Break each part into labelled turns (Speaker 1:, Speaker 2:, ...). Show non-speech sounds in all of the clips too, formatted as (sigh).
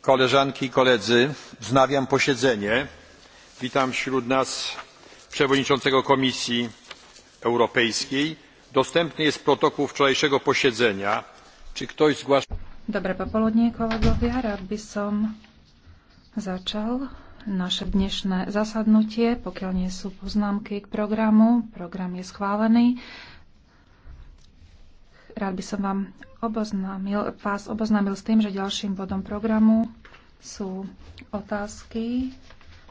Speaker 1: koleżanki i koledzy wznawiam posiedzenie witam wśród nas przewodniczącego komisji europejskiej dostępny jest protokół wczorajszego posiedzenia czy ktoś zgłasza
Speaker 2: Dobre popoludnie kolegovia, rád by som začal naše dnešné zasadnutie, pokiaľ nie sú poznámky k programu. Program je schválený. Rád by som vám oboznámil, vás oboznámil s tým, že ďalším bodom programu sú otázky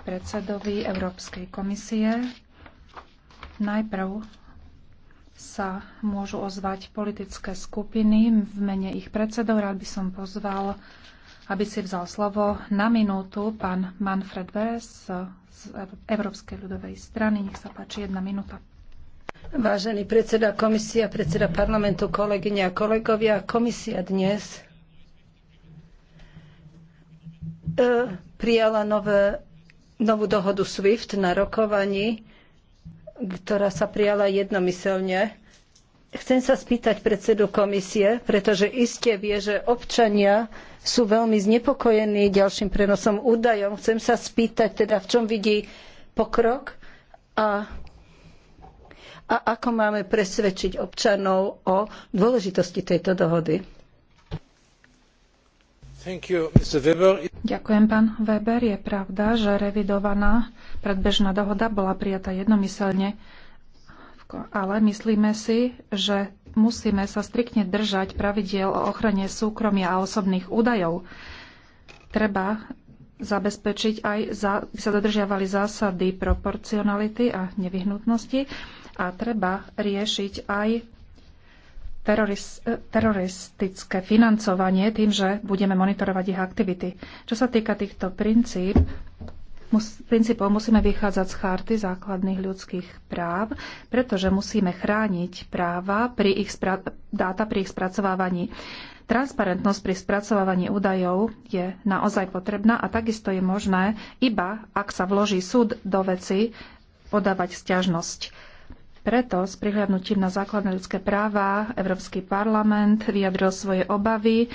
Speaker 2: predsedovi Európskej komisie. Najprv sa môžu ozvať politické skupiny v mene ich predsedov. Rád by som pozval, aby si vzal slovo na minútu pán Manfred Veres z Európskej ľudovej strany. Nech sa páči, jedna minúta.
Speaker 1: Vážený predseda komisia, predseda parlamentu, kolegyne a kolegovia, komisia dnes e, prijala nové, novú dohodu SWIFT na rokovaní, ktorá sa prijala jednomyselne. Chcem sa spýtať predsedu komisie, pretože iste vie, že občania sú veľmi znepokojení ďalším prenosom údajov. Chcem sa spýtať teda, v čom vidí pokrok a a ako máme presvedčiť občanov o dôležitosti tejto dohody.
Speaker 3: You,
Speaker 2: Ďakujem, pán Weber. Je pravda, že revidovaná predbežná dohoda bola prijatá jednomyselne, ale myslíme si, že musíme sa striktne držať pravidiel o ochrane súkromia a osobných údajov. Treba zabezpečiť aj, aby sa dodržiavali zásady proporcionality a nevyhnutnosti a treba riešiť aj e, teroristické financovanie tým, že budeme monitorovať ich aktivity. Čo sa týka týchto princíp, mus, princípov, musíme vychádzať z charty základných ľudských práv, pretože musíme chrániť práva pri ich spra- dáta pri ich spracovávaní. Transparentnosť pri spracovávaní údajov je naozaj potrebná a takisto je možné, iba ak sa vloží súd do veci, podávať sťažnosť. Preto s prihľadnutím na základné ľudské práva Európsky parlament vyjadril svoje obavy e,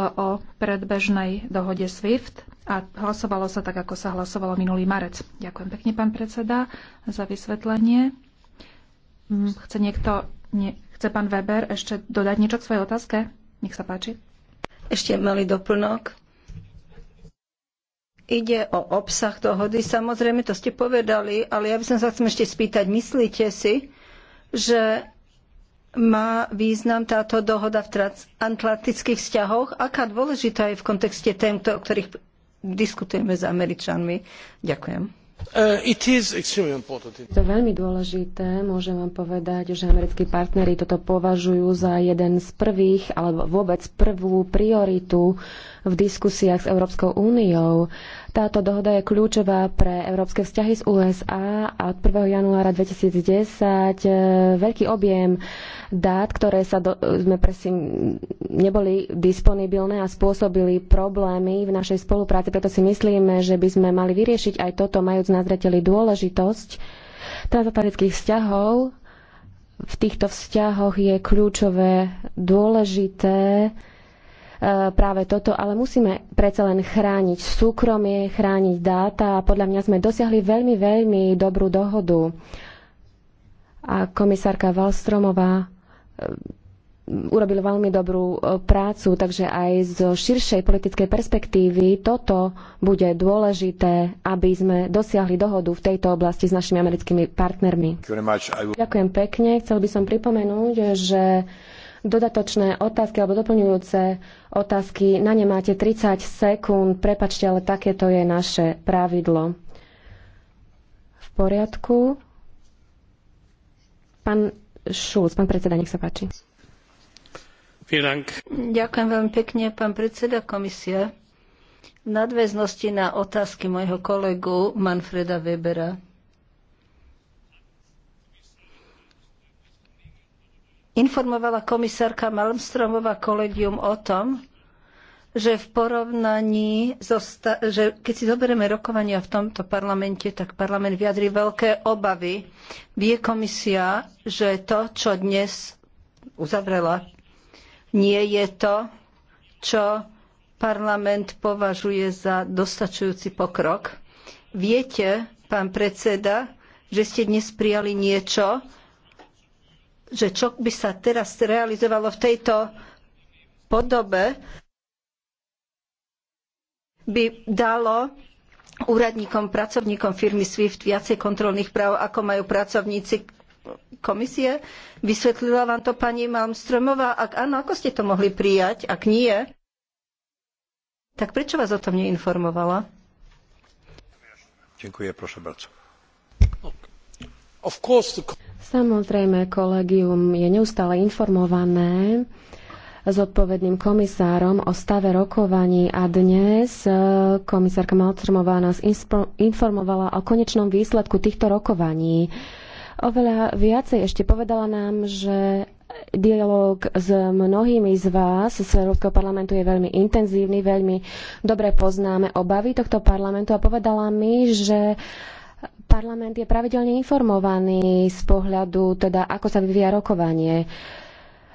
Speaker 2: o predbežnej dohode SWIFT a hlasovalo sa tak, ako sa hlasovalo minulý marec. Ďakujem pekne, pán predseda, za vysvetlenie. Mm, chce niekto, nie,
Speaker 1: chce pán Weber ešte dodať niečo k svojej otázke? Nech sa páči. Ešte malý doplnok ide o obsah dohody. Samozrejme, to ste povedali, ale ja by som sa chcem ešte spýtať, myslíte si, že má význam táto dohoda v transatlantických vzťahoch? Aká dôležitá je v kontexte tém, o ktorých diskutujeme s Američanmi? Ďakujem.
Speaker 4: Uh, je to veľmi dôležité. Môžem vám povedať, že americkí partnery toto považujú za jeden z prvých, alebo vôbec prvú prioritu v diskusiách s Európskou úniou. Táto dohoda je kľúčová pre európske vzťahy s USA a od 1. januára 2010 uh, veľký objem dát, ktoré sa do, sme presím neboli disponibilné a spôsobili problémy v našej spolupráci. Preto si myslíme, že by sme mali vyriešiť aj toto, majúc na zreteli dôležitosť transatlantických vzťahov. V týchto vzťahoch je kľúčové dôležité e, práve toto, ale musíme predsa len chrániť súkromie, chrániť dáta a podľa mňa sme dosiahli veľmi, veľmi dobrú dohodu. A komisárka Valstromová E, urobil veľmi dobrú e, prácu, takže aj zo širšej politickej perspektívy toto bude dôležité, aby sme dosiahli dohodu v tejto oblasti s našimi americkými partnermi. Ďakujem pekne. Chcel by som pripomenúť, že dodatočné otázky alebo doplňujúce otázky, na ne máte 30 sekúnd. Prepačte, ale takéto je naše pravidlo. V poriadku. Pán Šulc. Pán predseda, nech sa páči.
Speaker 1: Ďakujem veľmi pekne, pán predseda komisie. V nadväznosti na otázky môjho kolegu Manfreda Webera. Informovala komisárka Malmstromová kolegium o tom, že v porovnaní, že keď si zoberieme rokovania v tomto parlamente, tak parlament vyjadri veľké obavy. Vie komisia, že to, čo dnes uzavrela, nie je to, čo parlament považuje za dostačujúci pokrok. Viete, pán predseda, že ste dnes prijali niečo, že čo by sa teraz realizovalo v tejto podobe, by dalo úradníkom, pracovníkom firmy SWIFT viacej kontrolných práv, ako majú pracovníci komisie? Vysvetlila vám to pani Malmstromová. Ak áno, ako ste to mohli prijať? Ak nie,
Speaker 4: tak prečo vás o tom neinformovala?
Speaker 3: Ďakujem, prosím bardzo.
Speaker 4: Samozrejme, kolegium je neustále informované zodpovedným komisárom o stave rokovaní a dnes e, komisárka Malcrmová nás informovala o konečnom výsledku týchto rokovaní. Oveľa viacej ešte povedala nám, že dialog s mnohými z vás z Európskeho parlamentu je veľmi intenzívny, veľmi dobre poznáme obavy tohto parlamentu a povedala mi, že parlament je pravidelne informovaný z pohľadu teda, ako sa vyvíja rokovanie.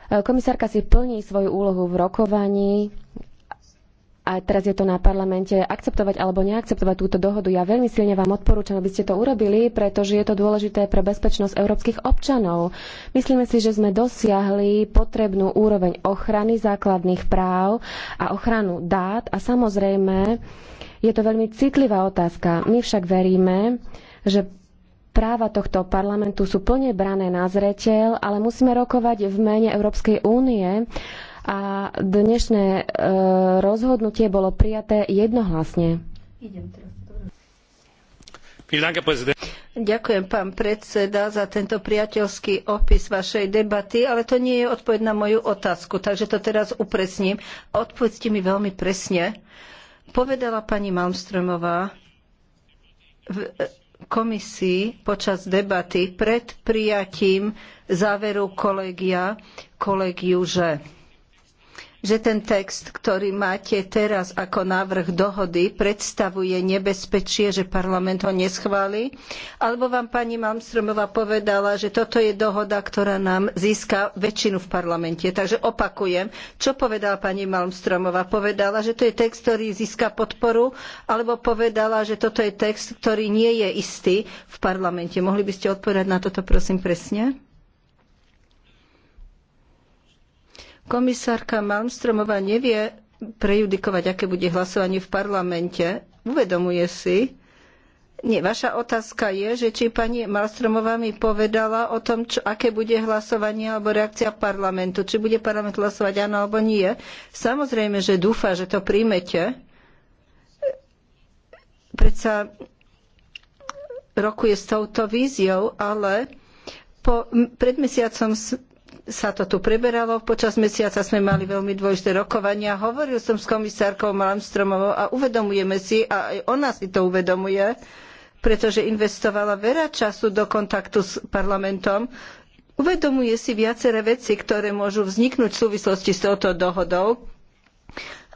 Speaker 4: Komisárka si plní svoju úlohu v rokovaní a teraz je to na parlamente akceptovať alebo neakceptovať túto dohodu. Ja veľmi silne vám odporúčam, aby ste to urobili, pretože je to dôležité pre bezpečnosť európskych občanov. Myslíme si, že sme dosiahli potrebnú úroveň ochrany základných práv a ochranu dát a samozrejme je to veľmi citlivá otázka. My však veríme, že práva tohto parlamentu sú plne brané na zreteľ, ale musíme rokovať v mene Európskej únie a dnešné e, rozhodnutie bolo prijaté jednohlasne.
Speaker 1: Ďakujem, pán predseda, za tento priateľský opis vašej debaty, ale to nie je odpoveď na moju otázku, takže to teraz upresním. Odpovedzte mi veľmi presne. Povedala pani Malmströmová komisii počas debaty pred prijatím záveru kolegia kolegiu, že že ten text, ktorý máte teraz ako návrh dohody, predstavuje nebezpečie, že parlament ho neschváli? Alebo vám pani Malmstromová povedala, že toto je dohoda, ktorá nám získa väčšinu v parlamente. Takže opakujem, čo povedala pani Malmstromová? Povedala, že to je text, ktorý získa podporu, alebo povedala, že toto je text, ktorý nie je istý v parlamente. Mohli by ste odpovedať na toto, prosím, presne? Komisárka Malmstromová nevie prejudikovať, aké bude hlasovanie v parlamente. Uvedomuje si. Nie, vaša otázka je, že či pani Malstromová mi povedala o tom, čo, aké bude hlasovanie alebo reakcia parlamentu. Či bude parlament hlasovať áno alebo nie. Samozrejme, že dúfa, že to príjmete. Predsa rokuje s touto víziou, ale po, pred mesiacom sa to tu preberalo. Počas mesiaca sme mali veľmi dôležité rokovania. Hovoril som s komisárkou Malmstromovou a uvedomujeme si, a aj ona si to uvedomuje, pretože investovala veľa času do kontaktu s parlamentom. Uvedomuje si viaceré veci, ktoré môžu vzniknúť v súvislosti s touto dohodou.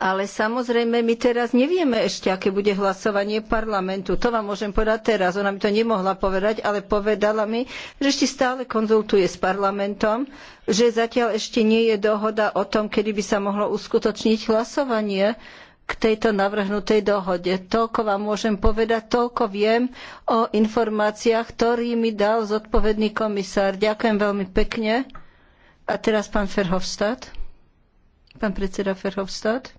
Speaker 1: Ale samozrejme, my teraz nevieme ešte, aké bude hlasovanie parlamentu. To vám môžem povedať teraz. Ona mi to nemohla povedať, ale povedala mi, že ešte stále konzultuje s parlamentom, že zatiaľ ešte nie je dohoda o tom, kedy by sa mohlo uskutočniť hlasovanie k tejto navrhnutej dohode. Toľko vám môžem povedať, toľko viem o informáciách, ktorý mi dal zodpovedný komisár. Ďakujem veľmi pekne. A teraz pán Verhofstadt. Pán predseda Verhofstadt.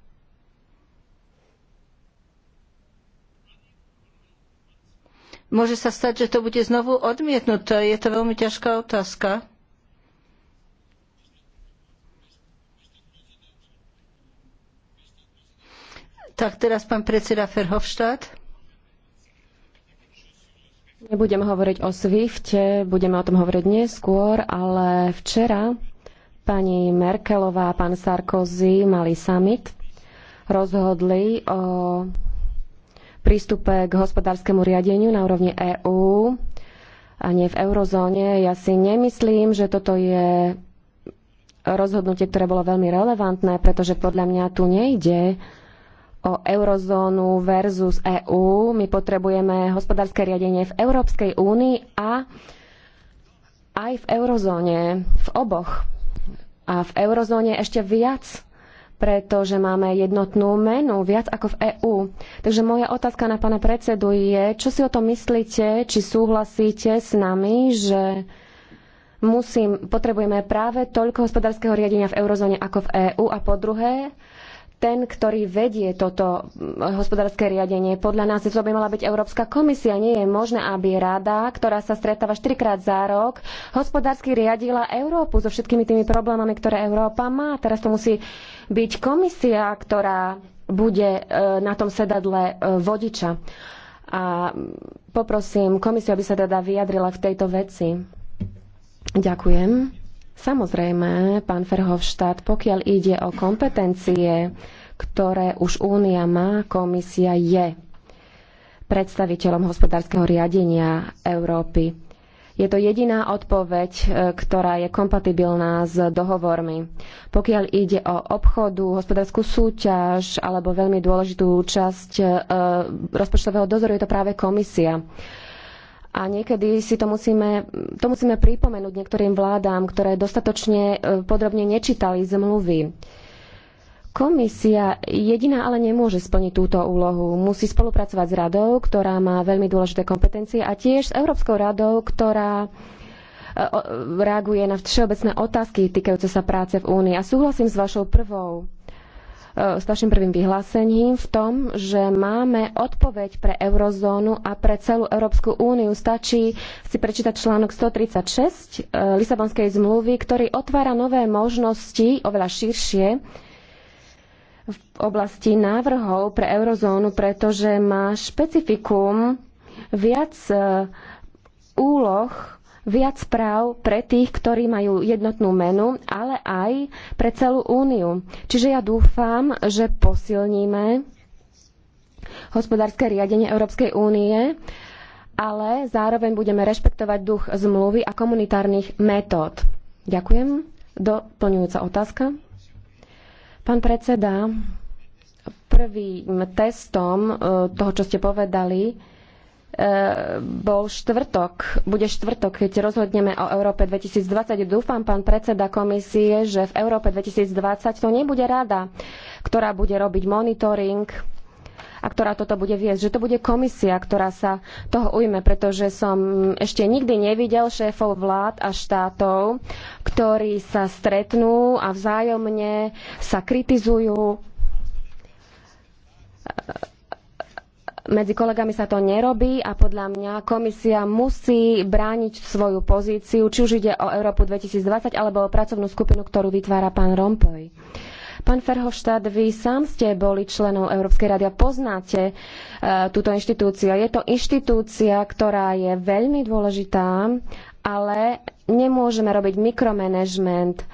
Speaker 1: Môže sa stať, že to bude znovu odmietnuté. Je to veľmi ťažká otázka. Tak teraz pán predseda Ferhofštát.
Speaker 4: Nebudem hovoriť o Swifte, budeme o tom hovoriť neskôr, ale včera pani Merkelová a pán Sarkozy mali summit, rozhodli o prístupe k hospodárskemu riadeniu na úrovni EÚ a nie v eurozóne. Ja si nemyslím, že toto je rozhodnutie, ktoré bolo veľmi relevantné, pretože podľa mňa tu nejde o eurozónu versus EÚ. My potrebujeme hospodárske riadenie v Európskej únii a aj v eurozóne, v oboch. A v eurozóne ešte viac pretože máme jednotnú menu, viac ako v EÚ. Takže moja otázka na pána predsedu je, čo si o tom myslíte, či súhlasíte s nami, že musím, potrebujeme práve toľko hospodárskeho riadenia v eurozóne ako v EÚ a po druhé, ten, ktorý vedie toto mm, hospodárske riadenie. Podľa nás to by mala byť Európska komisia. Nie je možné, aby rada, ktorá sa stretáva štyrikrát za rok, hospodársky riadila Európu so všetkými tými problémami, ktoré Európa má. Teraz to musí byť komisia, ktorá bude e, na tom sedadle e, vodiča. A poprosím komisiu, aby sa teda vyjadrila v tejto veci. Ďakujem. Samozrejme, pán Ferhovštát, pokiaľ ide o kompetencie, ktoré už Únia má, komisia je predstaviteľom hospodárskeho riadenia Európy. Je to jediná odpoveď, e, ktorá je kompatibilná s dohovormi. Pokiaľ ide o obchodu, hospodárskú súťaž alebo veľmi dôležitú časť e, rozpočtového dozoru, je to práve komisia. A niekedy si to musíme, to musíme pripomenúť niektorým vládám, ktoré dostatočne e, podrobne nečítali zmluvy. Komisia jediná ale nemôže splniť túto úlohu. Musí spolupracovať s radou, ktorá má veľmi dôležité kompetencie a tiež s Európskou radou, ktorá e, reaguje na všeobecné otázky týkajúce sa práce v Únii. A súhlasím s vašou prvou E, s našim prvým vyhlásením v tom, že máme odpoveď pre eurozónu a pre celú Európsku úniu. Stačí si prečítať článok 136 e, Lisabonskej zmluvy, ktorý otvára nové možnosti, oveľa širšie, v oblasti návrhov pre eurozónu, pretože má špecifikum viac e, úloh viac práv pre tých, ktorí majú jednotnú menu, ale aj pre celú úniu. Čiže ja dúfam, že posilníme hospodárske riadenie Európskej únie, ale zároveň budeme rešpektovať duch zmluvy a komunitárnych metód. Ďakujem. Doplňujúca otázka. Pán predseda, prvým testom eh, toho, čo ste povedali, E, bol štvrtok, bude štvrtok, keď rozhodneme o Európe 2020. Dúfam, pán predseda komisie, že v Európe 2020 to nebude rada, ktorá bude robiť monitoring a ktorá toto bude viesť, že to bude komisia, ktorá sa toho ujme, pretože som ešte nikdy nevidel šéfov vlád a štátov, ktorí sa stretnú a vzájomne sa kritizujú medzi kolegami sa to nerobí a podľa mňa komisia musí brániť svoju pozíciu, či už ide o Európu 2020 alebo o pracovnú skupinu, ktorú vytvára pán Rompuy. Pán Ferhoštát, vy sám ste boli členom Európskej rady a poznáte e, túto inštitúciu. Je to inštitúcia, ktorá je veľmi dôležitá, ale nemôžeme robiť mikromanagement. E,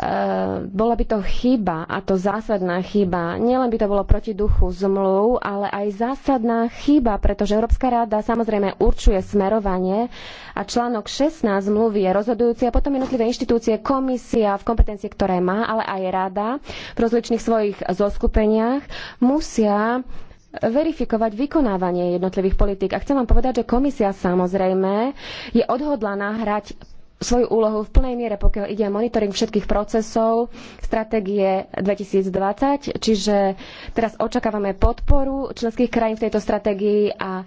Speaker 4: Eh, bola by to chyba, a to zásadná chyba. Nielen by to bolo proti duchu zmluv, ale aj zásadná chyba, pretože Európska rada samozrejme určuje smerovanie a článok 16 zmluvy je rozhodujúci a potom jednotlivé inštitúcie, komisia v kompetencie, ktoré má, ale aj rada v rozličných svojich zoskupeniach musia verifikovať vykonávanie jednotlivých politík. A chcem vám povedať, že komisia samozrejme je odhodlaná hrať svoju úlohu v plnej miere, pokiaľ ide o monitoring všetkých procesov stratégie 2020, čiže teraz očakávame podporu členských krajín v tejto stratégii a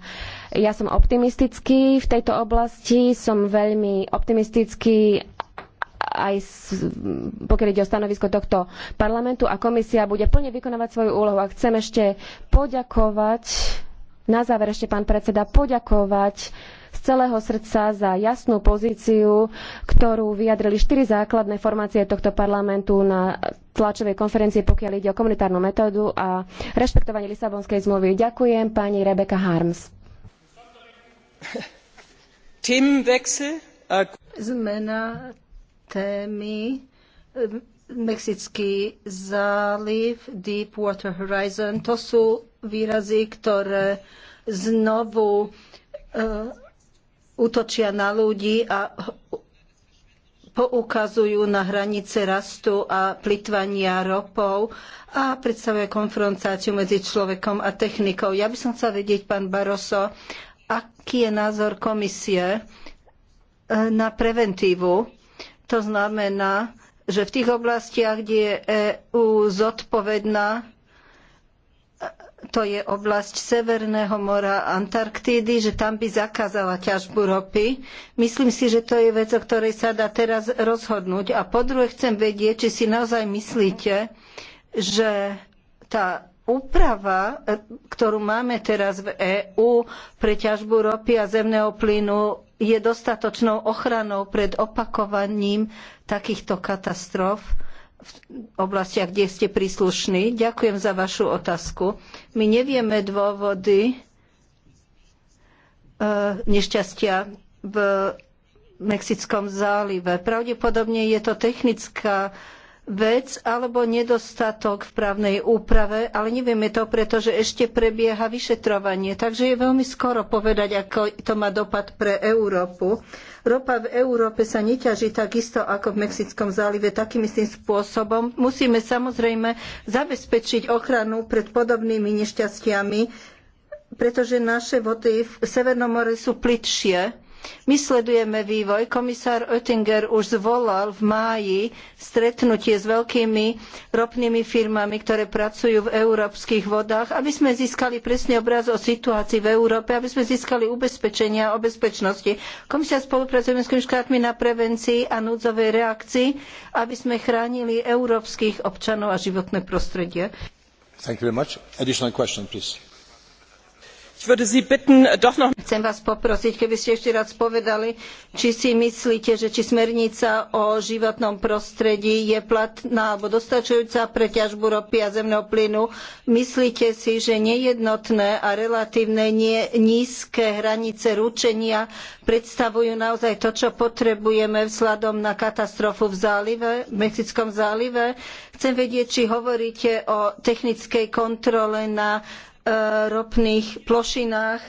Speaker 4: ja som optimistický v tejto oblasti, som veľmi optimistický aj pokiaľ ide o stanovisko tohto parlamentu a komisia bude plne vykonávať svoju úlohu a chcem ešte poďakovať na záver ešte pán predseda poďakovať z celého srdca za jasnú pozíciu, ktorú vyjadrili štyri základné formácie tohto parlamentu na tlačovej konferencie, pokiaľ ide o komunitárnu metódu a rešpektovanie Lisabonskej zmluvy. Ďakujem pani Rebecca Harms.
Speaker 1: (laughs) Zmena témy Mexický záliv, Deepwater Horizon, to sú výrazy, ktoré znovu uh, útočia na ľudí a poukazujú na hranice rastu a plitvania ropou a predstavuje konfrontáciu medzi človekom a technikou. Ja by som chcela vedieť, pán Barroso, aký je názor komisie eh, na preventívu. To znamená, že v tých oblastiach, kde je EÚ zodpovedná to je oblasť Severného mora Antarktídy, že tam by zakázala ťažbu ropy. Myslím si, že to je vec, o ktorej sa dá teraz rozhodnúť. A po druhé chcem vedieť, či si naozaj myslíte, že tá úprava, ktorú máme teraz v EÚ pre ťažbu ropy a zemného plynu, je dostatočnou ochranou pred opakovaním takýchto katastrof v oblastiach, kde ste príslušní. Ďakujem za vašu otázku. My nevieme dôvody e, nešťastia v Mexickom zálive. Pravdepodobne je to technická vec alebo nedostatok v právnej úprave, ale nevieme to, pretože ešte prebieha vyšetrovanie. Takže je veľmi skoro povedať, ako to má dopad pre Európu. Ropa v Európe sa neťaží takisto ako v Mexickom zálive takým istým spôsobom. Musíme samozrejme zabezpečiť ochranu pred podobnými nešťastiami, pretože naše vody v Severnom more sú plitšie my sledujeme vývoj. Komisár Oettinger už zvolal v máji stretnutie s veľkými ropnými firmami, ktoré pracujú v európskych vodách, aby sme získali presný obraz o situácii v Európe, aby sme získali ubezpečenia o bezpečnosti. Komisia spolupracuje s štátmi na prevencii a núdzovej reakcii, aby sme chránili európskych občanov a životné prostredie.
Speaker 3: Question,
Speaker 1: Äh, Chcem vás poprosiť, keby ste ešte raz povedali, či si myslíte, že či smernica o životnom prostredí je platná alebo dostačujúca pre ťažbu ropy a zemného plynu. Myslíte si, že nejednotné a relatívne nízke hranice ručenia predstavujú naozaj to, čo potrebujeme vzhľadom na katastrofu v zálive, v Mexickom zálive? Chcem vedieť, či hovoríte o technickej kontrole na ropných plošinách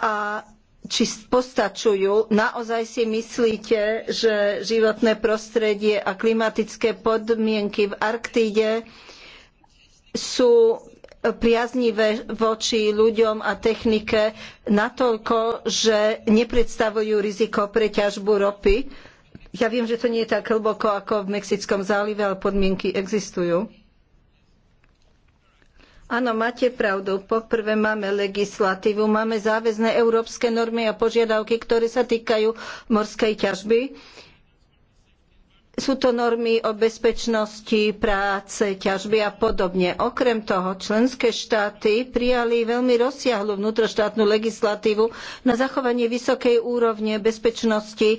Speaker 1: a či postačujú. Naozaj si myslíte, že životné prostredie a klimatické podmienky v Arktíde sú priaznivé voči ľuďom a technike natoľko, že nepredstavujú riziko pre ťažbu ropy. Ja viem, že to nie je tak hlboko ako v Mexickom zálive, ale podmienky existujú. Áno, máte pravdu. Poprvé máme legislatívu, máme záväzné európske normy a požiadavky, ktoré sa týkajú morskej ťažby sú to normy o bezpečnosti práce, ťažby a podobne. Okrem toho, členské štáty prijali veľmi rozsiahlu vnútroštátnu legislatívu na zachovanie vysokej úrovne bezpečnosti e,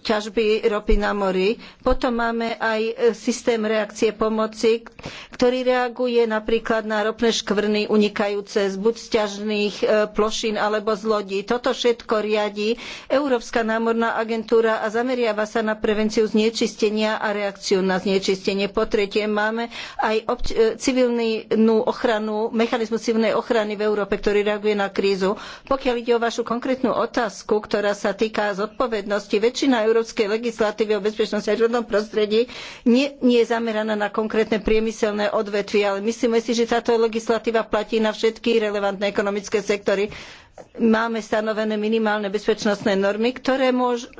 Speaker 1: ťažby ropy na mori. Potom máme aj systém reakcie pomoci, ktorý reaguje napríklad na ropné škvrny unikajúce z buď sťažných e, plošín alebo z lodí. Toto všetko riadi Európska námorná agentúra a zameriava sa na prevenciu znečistenia znečistenia a reakciu na znečistenie. Po tretie, máme aj e, civilnú ochranu, mechanizmus civilnej ochrany v Európe, ktorý reaguje na krízu. Pokiaľ ide o vašu konkrétnu otázku, ktorá sa týka zodpovednosti, väčšina európskej legislatívy o bezpečnosti a životnom prostredí nie, nie je zameraná na konkrétne priemyselné odvetvie, ale myslíme si, že táto legislatíva platí na všetky relevantné ekonomické sektory máme stanovené minimálne bezpečnostné normy, ktoré môžu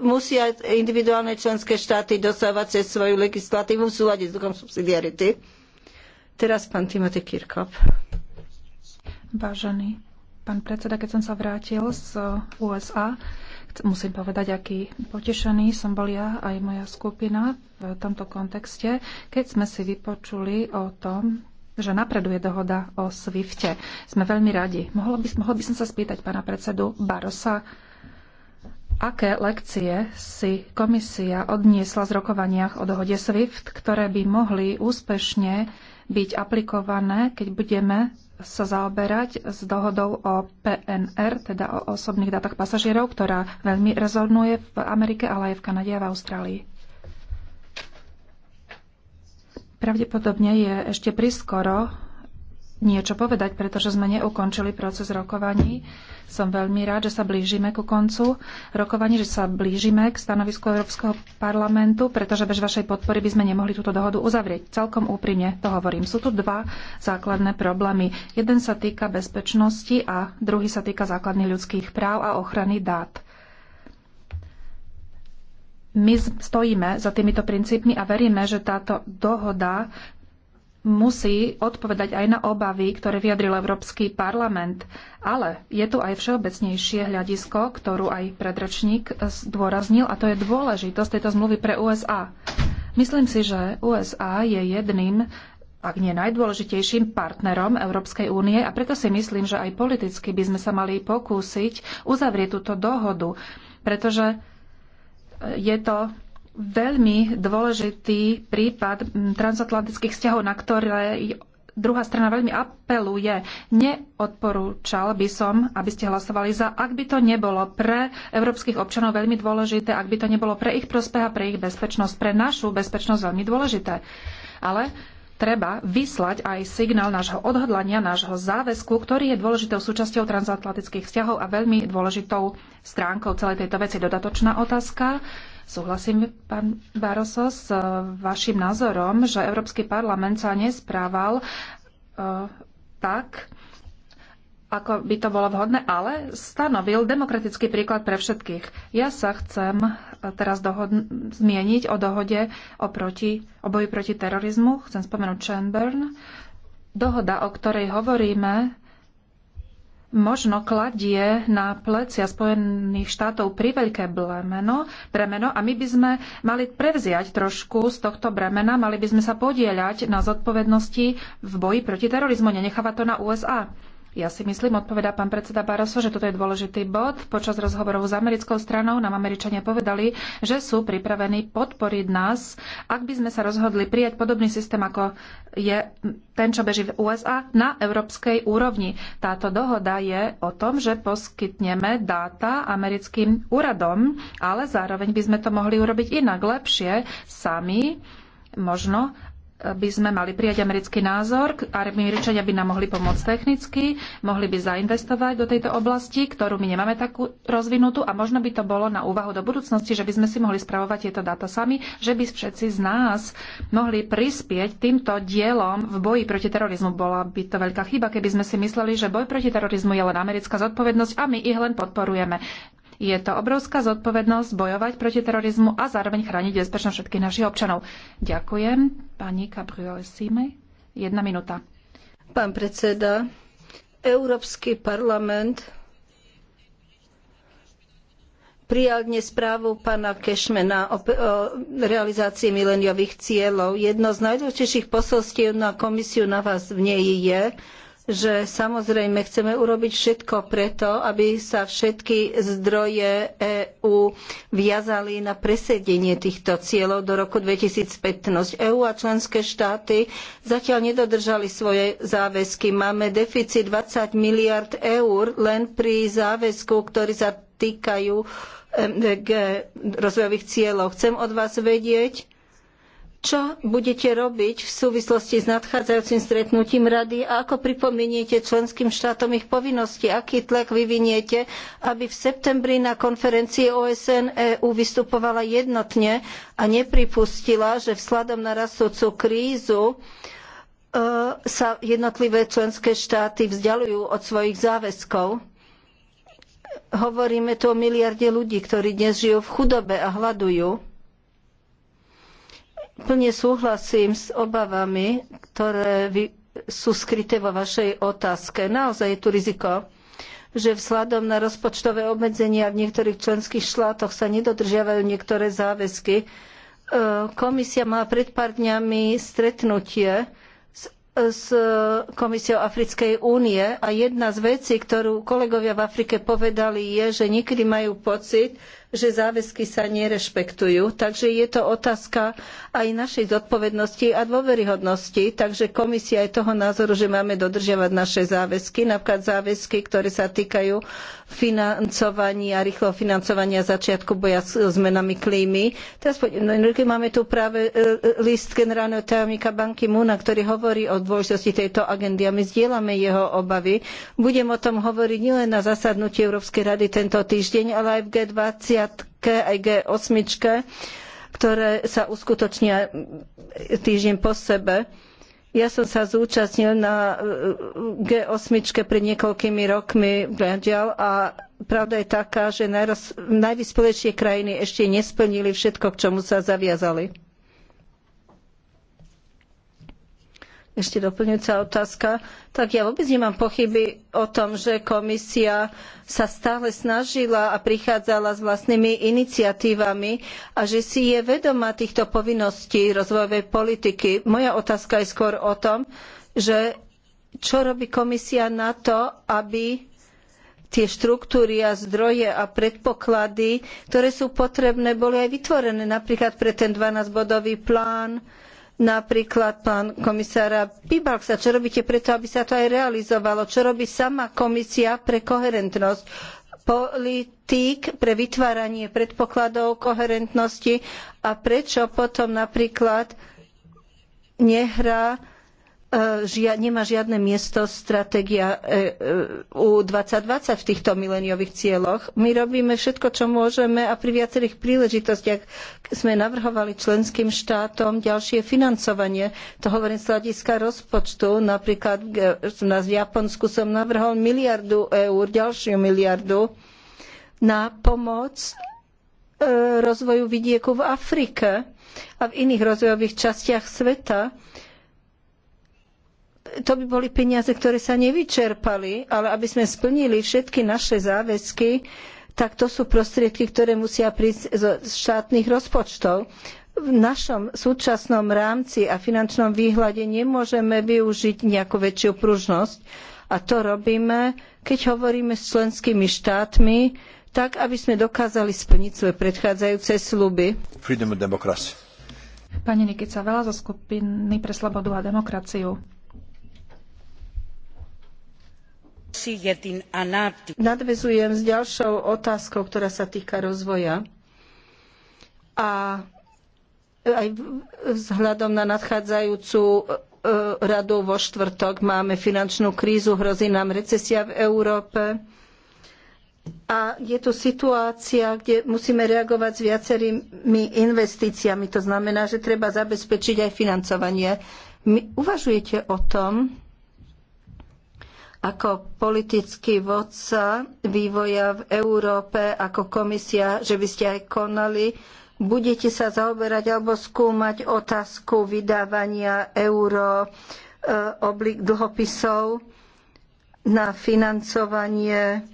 Speaker 1: musia individuálne členské štáty dosávať cez svoju legislatívu v súlade s duchom subsidiarity. Teraz pán Timothy Kirkop.
Speaker 2: Vážený pán predseda, keď som sa vrátil z USA, musím povedať, aký potešený som bol ja aj moja skupina v tomto kontexte, keď sme si vypočuli o tom, že napreduje dohoda o Swifte. Sme veľmi radi. Mohol by, mohol by som sa spýtať pána predsedu Barosa, aké lekcie si komisia odniesla z rokovaniach o dohode SWIFT, ktoré by mohli úspešne byť aplikované, keď budeme sa zaoberať s dohodou o PNR, teda o osobných datách pasažierov, ktorá veľmi rezonuje v Amerike, ale aj v Kanade a v Austrálii. Pravdepodobne je ešte priskoro niečo povedať, pretože sme neukončili proces rokovaní. Som veľmi rád, že sa blížime ku koncu rokovaní, že sa blížime k stanovisku Európskeho parlamentu, pretože bez vašej podpory by sme nemohli túto dohodu uzavrieť. Celkom úprimne to hovorím. Sú tu dva základné problémy. Jeden sa týka bezpečnosti a druhý sa týka základných ľudských práv a ochrany dát. My stojíme za týmito princípmi a veríme, že táto dohoda musí odpovedať aj na obavy, ktoré vyjadril Európsky parlament. Ale je tu aj všeobecnejšie hľadisko, ktorú aj predrečník zdôraznil, a to je dôležitosť tejto zmluvy pre USA. Myslím si, že USA je jedným ak nie najdôležitejším partnerom Európskej únie a preto si myslím, že aj politicky by sme sa mali pokúsiť uzavrieť túto dohodu, pretože je to veľmi dôležitý prípad transatlantických vzťahov, na ktoré druhá strana veľmi apeluje. Neodporúčal by som, aby ste hlasovali za, ak by to nebolo pre európskych občanov veľmi dôležité, ak by to nebolo pre ich prospech a pre ich bezpečnosť, pre našu bezpečnosť veľmi dôležité. Ale treba vyslať aj signál nášho odhodlania, nášho záväzku, ktorý je dôležitou súčasťou transatlantických vzťahov a veľmi dôležitou stránkou celej tejto veci. Dodatočná otázka. Súhlasím, pán Baroso, s e, vašim názorom, že Európsky parlament sa nesprával e, tak, ako by to bolo vhodné, ale stanovil demokratický príklad pre všetkých. Ja sa chcem e, teraz dohod- zmieniť o dohode o, proti, o boji proti terorizmu. Chcem spomenúť Chamburn. Dohoda, o ktorej hovoríme, možno kladie na plecia Spojených štátov priveľké bremeno, bremeno a my by sme mali prevziať trošku z tohto bremena, mali by sme sa podieľať na zodpovednosti v boji proti terorizmu, nenechávať to na USA. Ja si myslím, odpovedá pán predseda Barroso, že toto je dôležitý bod. Počas rozhovorov s americkou stranou nám Američania povedali, že sú pripravení podporiť nás, ak by sme sa rozhodli prijať podobný systém, ako je ten, čo beží v USA, na európskej úrovni. Táto dohoda je o tom, že poskytneme dáta americkým úradom, ale zároveň by sme to mohli urobiť inak, lepšie, sami, možno by sme mali prijať americký názor. Američania by nám mohli pomôcť technicky, mohli by zainvestovať do tejto oblasti, ktorú my nemáme takú rozvinutú a možno by to bolo na úvahu do budúcnosti, že by sme si mohli spravovať tieto dáta sami, že by všetci z nás mohli prispieť týmto dielom v boji proti terorizmu. Bola by to veľká chyba, keby sme si mysleli, že boj proti terorizmu je len americká zodpovednosť a my ich len podporujeme. Je to obrovská zodpovednosť bojovať proti terorizmu a zároveň chrániť bezpečnosť všetkých našich občanov. Ďakujem. Pani Gabriele Sime, jedna minúta. Pán
Speaker 1: predseda, Európsky parlament prijal dnes správu pána Kešmena o, realizácii mileniových cieľov. Jedno z najdôležitejších posolstiev na komisiu na vás v nej je, že samozrejme chceme urobiť všetko preto, aby sa všetky zdroje EÚ viazali na presedenie týchto cieľov do roku 2015. EÚ a členské štáty zatiaľ nedodržali svoje záväzky. Máme deficit 20 miliard eur len pri záväzku, ktorý sa týkajú rozvojových cieľov. Chcem od vás vedieť, čo budete robiť v súvislosti s nadchádzajúcim stretnutím rady a ako pripomeniete členským štátom ich povinnosti? Aký tlak vyviniete, aby v septembri na konferencii OSN EU vystupovala jednotne a nepripustila, že vzhľadom na rastúcu krízu e, sa jednotlivé členské štáty vzdialujú od svojich záväzkov? Hovoríme tu o miliarde ľudí, ktorí dnes žijú v chudobe a hľadujú Plne súhlasím s obavami, ktoré sú skryté vo vašej otázke. Naozaj je tu riziko, že vzhľadom na rozpočtové obmedzenia v niektorých členských štátoch sa nedodržiavajú niektoré záväzky. E, komisia má pred pár dňami stretnutie s, s Komisiou Africkej únie a jedna z vecí, ktorú kolegovia v Afrike povedali, je, že niekedy majú pocit, že záväzky sa nerešpektujú. Takže je to otázka aj našej zodpovednosti a dôveryhodnosti. Takže komisia je toho názoru, že máme dodržiavať naše záväzky, napríklad záväzky, ktoré sa týkajú financovania, rýchleho financovania začiatku boja s zmenami klímy. Teraz no, máme tu práve e, e, list generálneho tajomníka banky Muna, ktorý hovorí o dôležitosti tejto agendy a my zdieľame jeho obavy. Budem o tom hovoriť nielen na zasadnutí Európskej rady tento týždeň, ale aj v G20 aj G8, ktoré sa uskutočnia týždeň po sebe. Ja som sa zúčastnil na e, G8 pred niekoľkými rokmi a pravda je taká, že najvyspelejšie krajiny ešte nesplnili všetko, k čomu sa zaviazali. Ešte doplňujúca otázka. Tak ja vôbec nemám pochyby o tom, že komisia sa stále snažila a prichádzala s vlastnými iniciatívami a že si je vedoma týchto povinností rozvojovej politiky. Moja otázka je skôr o tom, že čo robí komisia na to, aby tie štruktúry a zdroje a predpoklady, ktoré sú potrebné, boli aj vytvorené napríklad pre ten 12-bodový plán, Napríklad pán komisár Pibalksa, čo robíte preto, aby sa to aj realizovalo? Čo robí sama komisia pre koherentnosť? politík pre vytváranie predpokladov koherentnosti a prečo potom napríklad nehrá E, nemá žiadne miesto stratégia EU e, 2020 v týchto mileniových cieľoch. My robíme všetko, čo môžeme a pri viacerých príležitostiach sme navrhovali členským štátom ďalšie financovanie. To hovorím z hľadiska rozpočtu. Napríklad e, v Japonsku som navrhol miliardu eur, ďalšiu miliardu na pomoc rozvoju vidieku v Afrike a v iných rozvojových častiach sveta to by boli peniaze, ktoré sa nevyčerpali, ale aby sme splnili všetky naše záväzky, tak to sú prostriedky, ktoré musia prísť zo štátnych rozpočtov. V našom súčasnom rámci a finančnom výhľade nemôžeme využiť nejakú väčšiu pružnosť. A to robíme, keď hovoríme s členskými štátmi, tak, aby sme dokázali splniť svoje predchádzajúce sluby.
Speaker 2: Pani Nikica Vela zo skupiny pre slobodu a demokraciu.
Speaker 1: Nadvezujem s ďalšou otázkou, ktorá sa týka rozvoja. A aj vzhľadom na nadchádzajúcu e, radu vo štvrtok máme finančnú krízu, hrozí nám recesia v Európe. A je tu situácia, kde musíme reagovať s viacerými investíciami. To znamená, že treba zabezpečiť aj financovanie. uvažujete o tom, ako politický vodca vývoja v Európe, ako komisia, že by ste aj konali. Budete sa zaoberať alebo skúmať otázku vydávania euro e, oblik dlhopisov na financovanie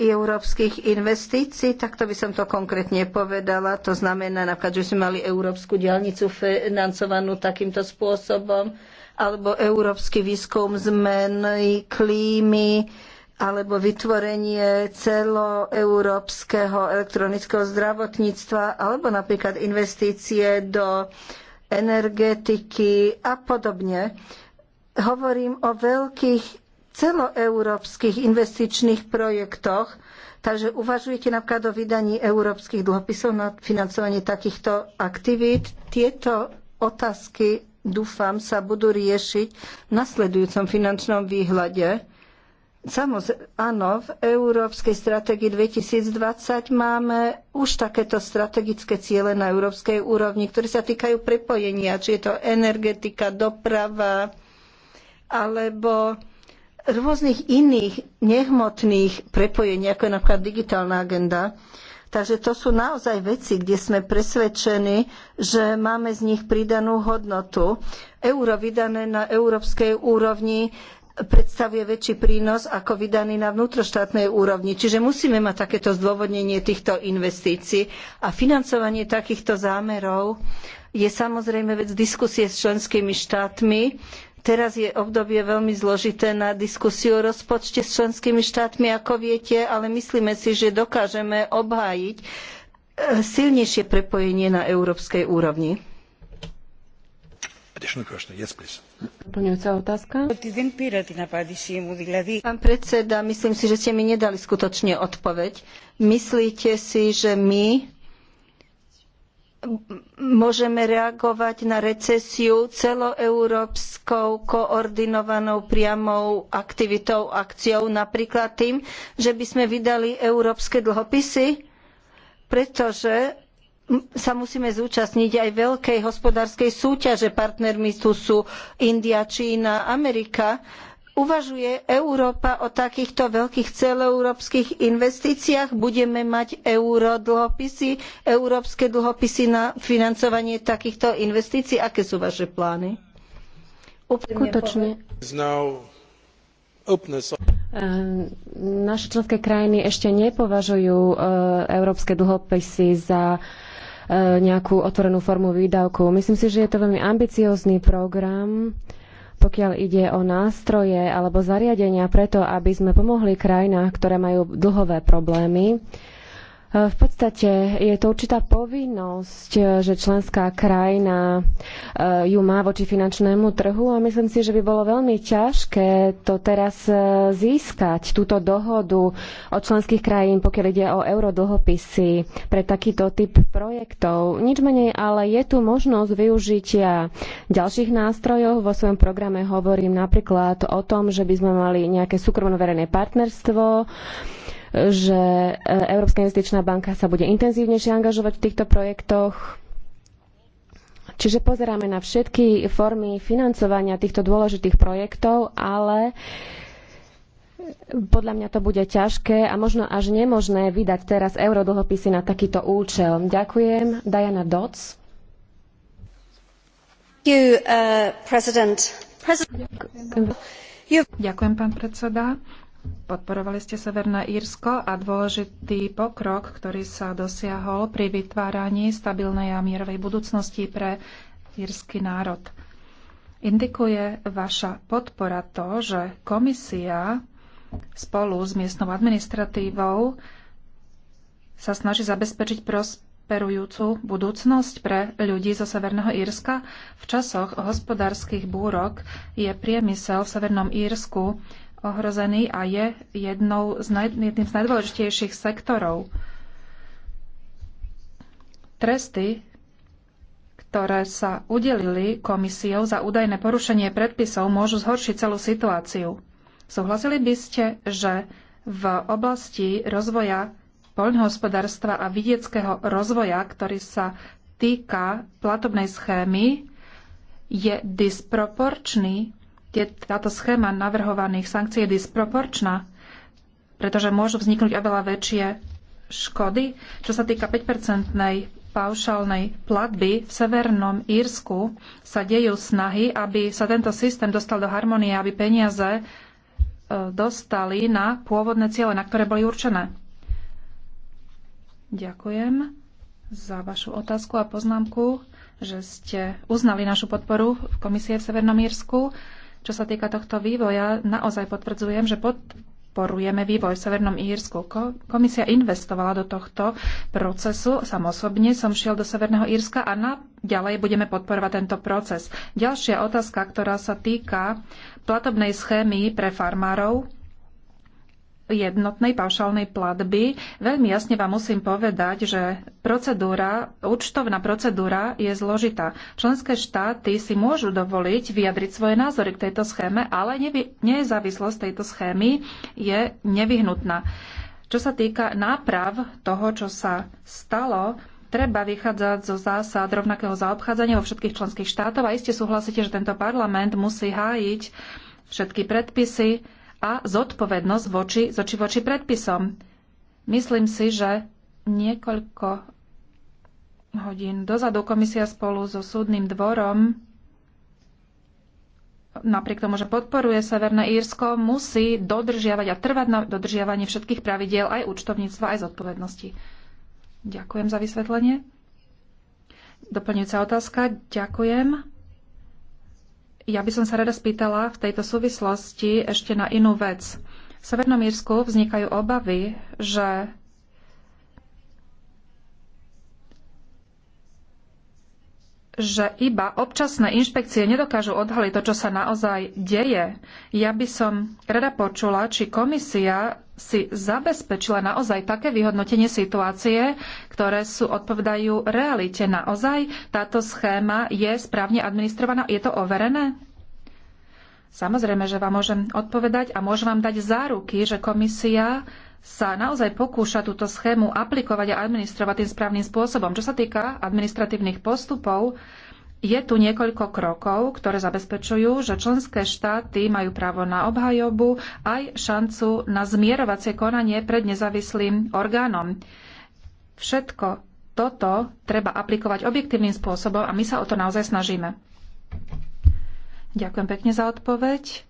Speaker 1: európskych investícií, tak to by som to konkrétne povedala. To znamená napríklad, že sme mali európsku diaľnicu financovanú takýmto spôsobom, alebo európsky výskum zmeny klímy, alebo vytvorenie celoeurópskeho elektronického zdravotníctva, alebo napríklad investície do energetiky a podobne. Hovorím o veľkých celoeurópskych investičných projektoch, takže uvažujete napríklad o vydaní európskych dlhopisov na financovanie takýchto aktivít. Tieto otázky dúfam, sa budú riešiť v nasledujúcom finančnom výhľade. Samozrejme, áno, v Európskej stratégii 2020 máme už takéto strategické ciele na európskej úrovni, ktoré sa týkajú prepojenia, či je to energetika, doprava, alebo rôznych iných nehmotných prepojení, ako je napríklad digitálna agenda. Takže to sú naozaj veci, kde sme presvedčení, že máme z nich pridanú hodnotu. Euro vydané na európskej úrovni predstavuje väčší prínos ako vydaný na vnútroštátnej úrovni. Čiže musíme mať takéto zdôvodnenie týchto investícií a financovanie takýchto zámerov je samozrejme vec diskusie s členskými štátmi, Teraz je obdobie veľmi zložité na diskusiu o rozpočte s členskými štátmi, ako viete, ale myslíme si, že dokážeme obhájiť eh, silnejšie prepojenie na európskej úrovni. Doplňujúca otázka. Pán predseda, myslím si, že ste mi nedali skutočne odpoveď. Myslíte si, že my môžeme reagovať na recesiu celoeurópskou koordinovanou priamou aktivitou, akciou, napríklad tým, že by sme vydali európske dlhopisy, pretože sa musíme zúčastniť aj veľkej hospodárskej súťaže. Partnermi tu sú India, Čína, Amerika. Uh, uvažuje Európa o takýchto veľkých celoeurópskych investíciách? Budeme mať eurodlhopisy, európske dlhopisy na financovanie takýchto investícií?
Speaker 4: Aké sú vaše plány? Skutočne. Ehm, naše členské krajiny ešte nepovažujú e, európske dlhopisy za e, nejakú otvorenú formu výdavku. Myslím si, že je to veľmi ambiciózny program pokiaľ ide o nástroje alebo zariadenia preto, aby sme pomohli krajinách, ktoré majú dlhové problémy, v podstate je to určitá povinnosť, eh, že členská krajina eh, ju má voči finančnému trhu a myslím si, že by bolo veľmi ťažké to teraz eh, získať, túto dohodu od členských krajín, pokiaľ ide o eurodlhopisy pre takýto typ projektov. Nič menej, ale je tu možnosť využitia ďalších nástrojov. Vo svojom programe hovorím napríklad o tom, že by sme mali nejaké súkromno-verejné partnerstvo, že e, Európska investičná banka sa bude intenzívnejšie angažovať v týchto projektoch. Čiže pozeráme na všetky formy financovania týchto dôležitých projektov, ale podľa mňa to bude ťažké a možno až nemožné vydať teraz eurodlhopisy na takýto účel. Ďakujem. Diana Dodds.
Speaker 2: Uh, Ďakujem, pán predseda. Podporovali ste Severné Írsko a dôležitý pokrok, ktorý sa dosiahol pri vytváraní stabilnej a mierovej budúcnosti pre írsky národ. Indikuje vaša podpora to, že komisia spolu s miestnou administratívou sa snaží zabezpečiť prosperujúcu budúcnosť pre ľudí zo Severného Írska. V časoch hospodárskych búrok je priemysel v Severnom Írsku ohrozený a je jednou z naj, jedným z najdôležitejších sektorov. Tresty, ktoré sa udelili komisiou za údajné porušenie predpisov, môžu zhoršiť celú situáciu. Súhlasili by ste, že v oblasti rozvoja poľnohospodárstva a vidieckého rozvoja, ktorý sa týka platobnej schémy, je disproporčný táto schéma navrhovaných sankcií je disproporčná, pretože môžu vzniknúť oveľa väčšie škody. Čo sa týka 5-percentnej paušálnej platby v Severnom Írsku sa dejú snahy, aby sa tento systém dostal do harmonie, aby peniaze e, dostali na pôvodné ciele, na ktoré boli určené. Ďakujem za vašu otázku a poznámku, že ste uznali našu podporu v komisie v Severnom Írsku. Čo sa týka tohto vývoja, naozaj potvrdzujem, že podporujeme vývoj v Severnom Írsku. Komisia investovala do tohto procesu. samosobne som šiel do Severného Írska a na ďalej budeme podporovať tento proces. Ďalšia otázka, ktorá sa týka platobnej schémy pre farmárov, jednotnej paušálnej platby. Veľmi jasne vám musím povedať, že procedúra, účtovná procedúra je zložitá. Členské štáty si môžu dovoliť vyjadriť svoje názory k tejto schéme, ale nezávislosť tejto schémy je nevyhnutná. Čo sa týka náprav toho, čo sa stalo, treba vychádzať zo zásad rovnakého zaobchádzania vo všetkých členských štátoch a iste súhlasíte, že tento parlament musí hájiť všetky predpisy, a zodpovednosť voči, zoči voči predpisom. Myslím si, že niekoľko hodín dozadu komisia spolu so súdnym dvorom napriek tomu, že podporuje Severné Írsko, musí dodržiavať a trvať na dodržiavanie všetkých pravidiel aj účtovníctva, aj zodpovednosti. Ďakujem za vysvetlenie. Doplňujúca otázka. Ďakujem. Ja by som sa rada spýtala v tejto súvislosti ešte na inú vec. V Severnom Írsku vznikajú obavy, že že iba občasné inšpekcie nedokážu odhaliť to, čo sa naozaj deje. Ja by som rada počula, či komisia si zabezpečila naozaj také vyhodnotenie situácie, ktoré sú odpovedajú realite. Naozaj táto schéma je správne administrovaná? Je to overené? Samozrejme, že vám môžem odpovedať a môžem vám dať záruky, že komisia sa naozaj pokúša túto schému aplikovať a administrovať tým správnym spôsobom. Čo sa týka administratívnych postupov, je tu niekoľko krokov, ktoré zabezpečujú, že členské štáty majú právo na obhajobu aj šancu na zmierovacie konanie pred nezávislým orgánom. Všetko toto treba aplikovať objektívnym spôsobom a my sa o to naozaj snažíme. Ďakujem pekne za odpoveď.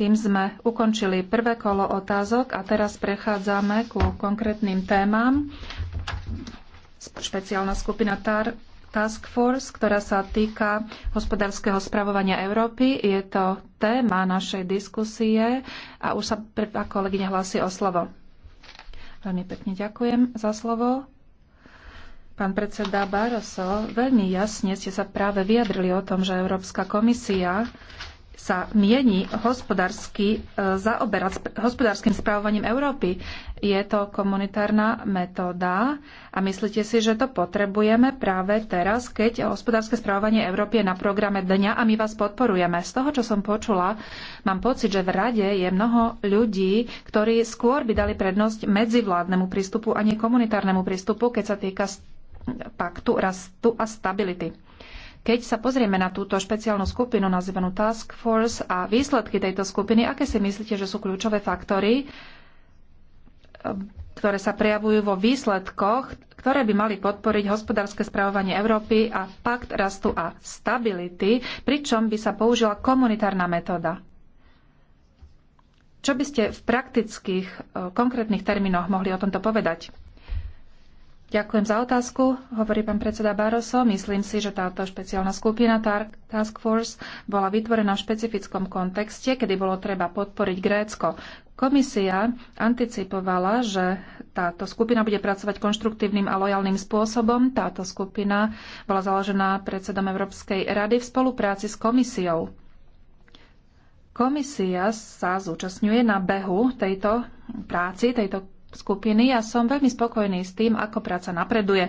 Speaker 2: Tým sme ukončili prvé kolo otázok a teraz prechádzame ku konkrétnym témam. Špeciálna skupina TAR Task Force, ktorá sa týka hospodárskeho spravovania Európy. Je to téma našej diskusie a už sa prvá kolegyňa hlási o slovo. Veľmi pekne ďakujem za slovo. Pán predseda Barroso, veľmi jasne ste sa práve vyjadrili o tom, že Európska komisia sa mieni hospodársky e, zaoberať hospodárskym spravovaním Európy. Je to komunitárna metóda a myslíte si, že to potrebujeme práve teraz, keď hospodárske správovanie Európy je na programe dňa a my vás podporujeme. Z toho, čo som počula, mám pocit, že v rade je mnoho ľudí, ktorí skôr by dali prednosť medzivládnemu prístupu a nie komunitárnemu prístupu, keď sa týka paktu rastu a stability. Keď sa pozrieme na túto špeciálnu skupinu nazývanú Task Force a výsledky tejto skupiny, aké si myslíte, že sú kľúčové faktory, e, ktoré sa prejavujú vo výsledkoch, ktoré by mali podporiť hospodárske správovanie Európy a pakt rastu a stability, pričom by sa použila komunitárna metóda? Čo by ste v praktických, e, konkrétnych termínoch mohli o tomto povedať? Ďakujem za otázku, hovorí pán predseda Baroso. Myslím si, že táto špeciálna skupina Task Force bola vytvorená v špecifickom kontexte, kedy bolo treba podporiť Grécko. Komisia anticipovala, že táto skupina bude pracovať konštruktívnym a lojalným spôsobom. Táto skupina bola založená predsedom Európskej rady v spolupráci s komisiou. Komisia sa zúčastňuje na behu tejto práci, tejto skupiny. Ja som veľmi spokojný s tým, ako práca napreduje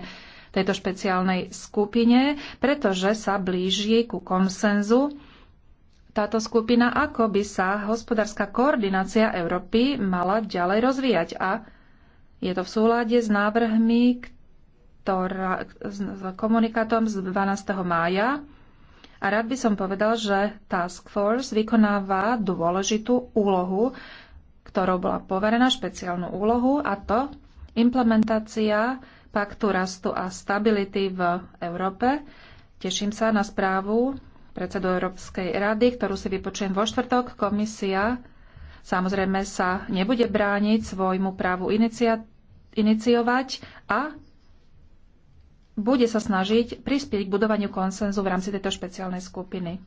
Speaker 2: tejto špeciálnej skupine, pretože sa blíži ku konsenzu táto skupina, ako by sa hospodárska koordinácia Európy mala ďalej rozvíjať. A je to v súlade s návrhmi, ktorá, s komunikátom z 12. mája. A rád by som povedal, že Task Force vykonáva dôležitú úlohu ktorou bola poverená špeciálnu úlohu, a to implementácia paktu rastu a stability v Európe. Teším sa na správu predsedu Európskej rady, ktorú si vypočujem vo štvrtok. Komisia samozrejme sa nebude brániť svojmu právu inicia- iniciovať a bude sa snažiť prispieť k budovaniu konsenzu v rámci tejto špeciálnej skupiny.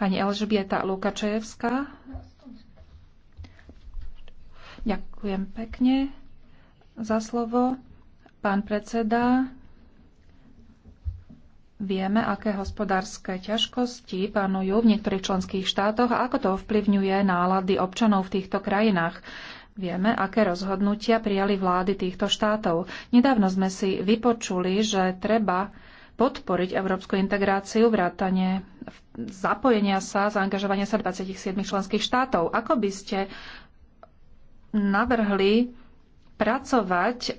Speaker 2: Pani Elžbieta Lukačevská, Ďakujem pekne za slovo. Pán predseda, vieme, aké hospodárske ťažkosti panujú v niektorých členských štátoch a ako to ovplyvňuje nálady občanov v týchto krajinách. Vieme, aké rozhodnutia prijali vlády týchto štátov. Nedávno sme si vypočuli, že treba podporiť európsku integráciu, vrátanie zapojenia sa, zaangažovania sa 27 členských štátov. Ako by ste navrhli pracovať e,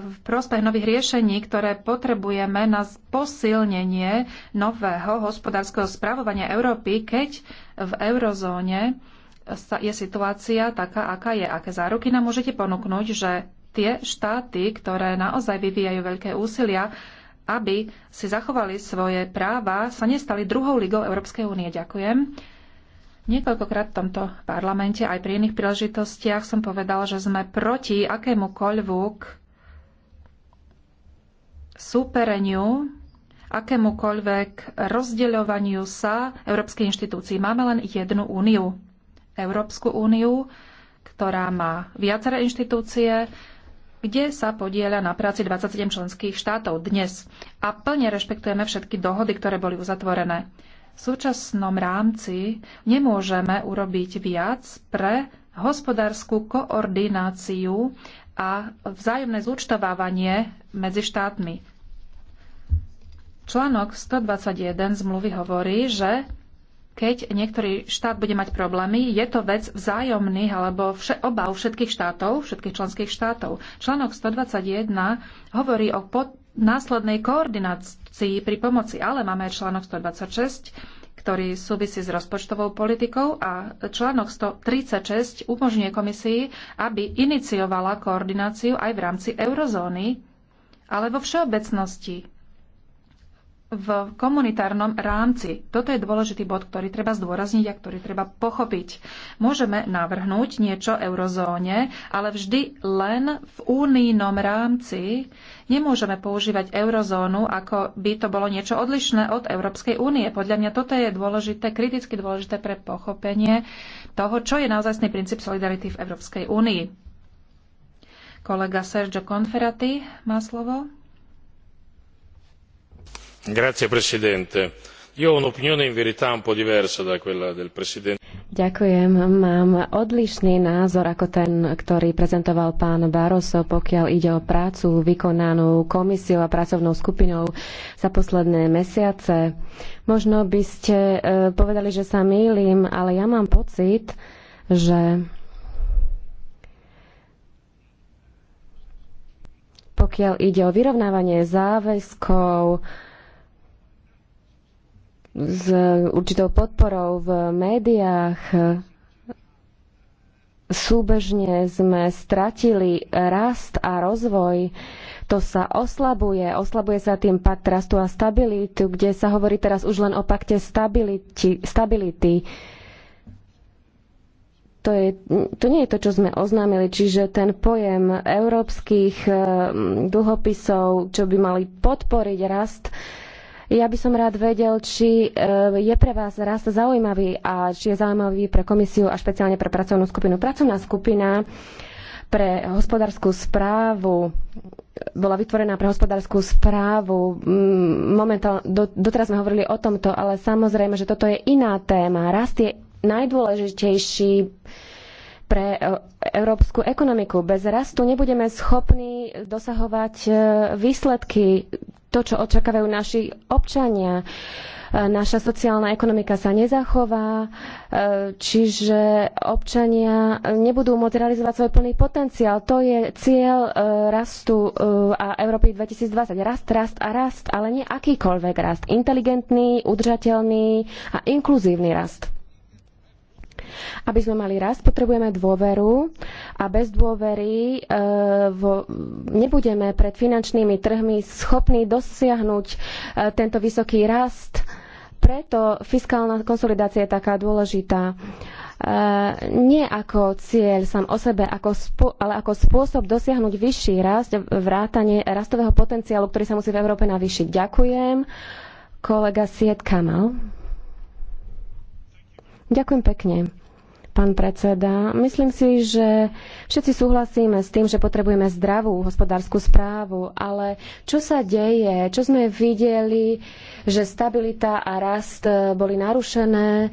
Speaker 2: v prospech nových riešení, ktoré potrebujeme na posilnenie nového hospodárskeho správovania Európy, keď v eurozóne je situácia taká, aká je. Aké záruky nám môžete ponúknuť, že tie štáty, ktoré naozaj vyvíjajú veľké úsilia, aby si zachovali svoje práva, sa nestali druhou ligou Európskej únie. Ďakujem. Niekoľkokrát v tomto parlamente aj pri iných príležitostiach som povedal, že sme proti akémukoľvek súpereniu, akémukoľvek rozdeľovaniu sa európskej inštitúcií. Máme len jednu úniu. Európsku úniu, ktorá má viaceré inštitúcie, kde sa podieľa na práci 27 členských štátov dnes. A plne rešpektujeme všetky dohody, ktoré boli uzatvorené v súčasnom rámci nemôžeme urobiť viac pre hospodárskú koordináciu a vzájomné zúčtovávanie medzi štátmi. Článok 121 zmluvy hovorí, že keď niektorý štát bude mať problémy, je to vec vzájomných alebo vše, obav všetkých štátov, všetkých členských štátov. Článok 121 hovorí o pod, následnej koordinácii korupcii pri pomoci. Ale máme aj článok 126, ktorý súvisí s rozpočtovou politikou a článok 136 umožňuje komisii, aby iniciovala koordináciu aj v rámci eurozóny, ale vo všeobecnosti v komunitárnom rámci. Toto je dôležitý bod, ktorý treba zdôrazniť a ktorý treba pochopiť. Môžeme navrhnúť niečo eurozóne, ale vždy len v únijnom rámci. Nemôžeme používať eurozónu, ako by to bolo niečo odlišné od Európskej únie. Podľa mňa toto je dôležité, kriticky dôležité pre pochopenie toho, čo je naozajstný princíp solidarity v Európskej únii. Kolega Sergio Conferati
Speaker 4: má slovo
Speaker 3: signor presidente onorevoli colleghi io ho un'opinione in verità un po' diversa da quella del presidente.
Speaker 4: Ďakujem. Mám odlišný názor ako ten, ktorý prezentoval pán Barroso, pokiaľ ide o prácu vykonanú komisiou a pracovnou skupinou za posledné mesiace. Možno by ste e, povedali, že sa mýlim, ale ja mám pocit, že pokiaľ ide o vyrovnávanie záväzkov, s určitou podporou v médiách súbežne sme stratili rast a rozvoj. To sa oslabuje. Oslabuje sa tým pakt rastu a stabilitu, kde sa hovorí teraz už len o pakte stability. stability. To, je, to nie je to, čo sme oznámili, čiže ten pojem európskych hm, dlhopisov, čo by mali podporiť rast, ja by som rád vedel, či eh, je pre vás rast zaujímavý a či je zaujímavý pre komisiu a špeciálne pre pracovnú skupinu. Pracovná skupina pre hospodárskú správu bola vytvorená pre hospodárskú správu. Mm, Momentálne, doteraz sme hovorili o tomto, ale samozrejme, že toto je iná téma. Rast je najdôležitejší pre e, európsku ekonomiku. Bez rastu nebudeme schopní dosahovať e, výsledky, to, čo očakávajú naši občania. E, naša sociálna ekonomika sa nezachová, čiže občania nebudú môcť realizovať svoj plný potenciál. To je cieľ rastu a Európy 2020. Rast, rast a rast, ale nie akýkoľvek rast. Inteligentný, udržateľný a inkluzívny rast. Aby sme mali rast, potrebujeme dôveru a bez dôvery e, vo, nebudeme pred finančnými trhmi schopní dosiahnuť e, tento vysoký rast. Preto fiskálna konsolidácia je taká dôležitá. E, nie ako cieľ sám o sebe, ako spo, ale ako spôsob dosiahnuť vyšší rast, vrátanie rastového potenciálu, ktorý sa musí v Európe navýšiť. Ďakujem. Kolega Siet Kamal. Ďakujem pekne pán predseda. Myslím si, že všetci súhlasíme s tým, že potrebujeme zdravú hospodárskú správu, ale čo sa deje, čo sme videli, že stabilita a rast eh, boli narušené,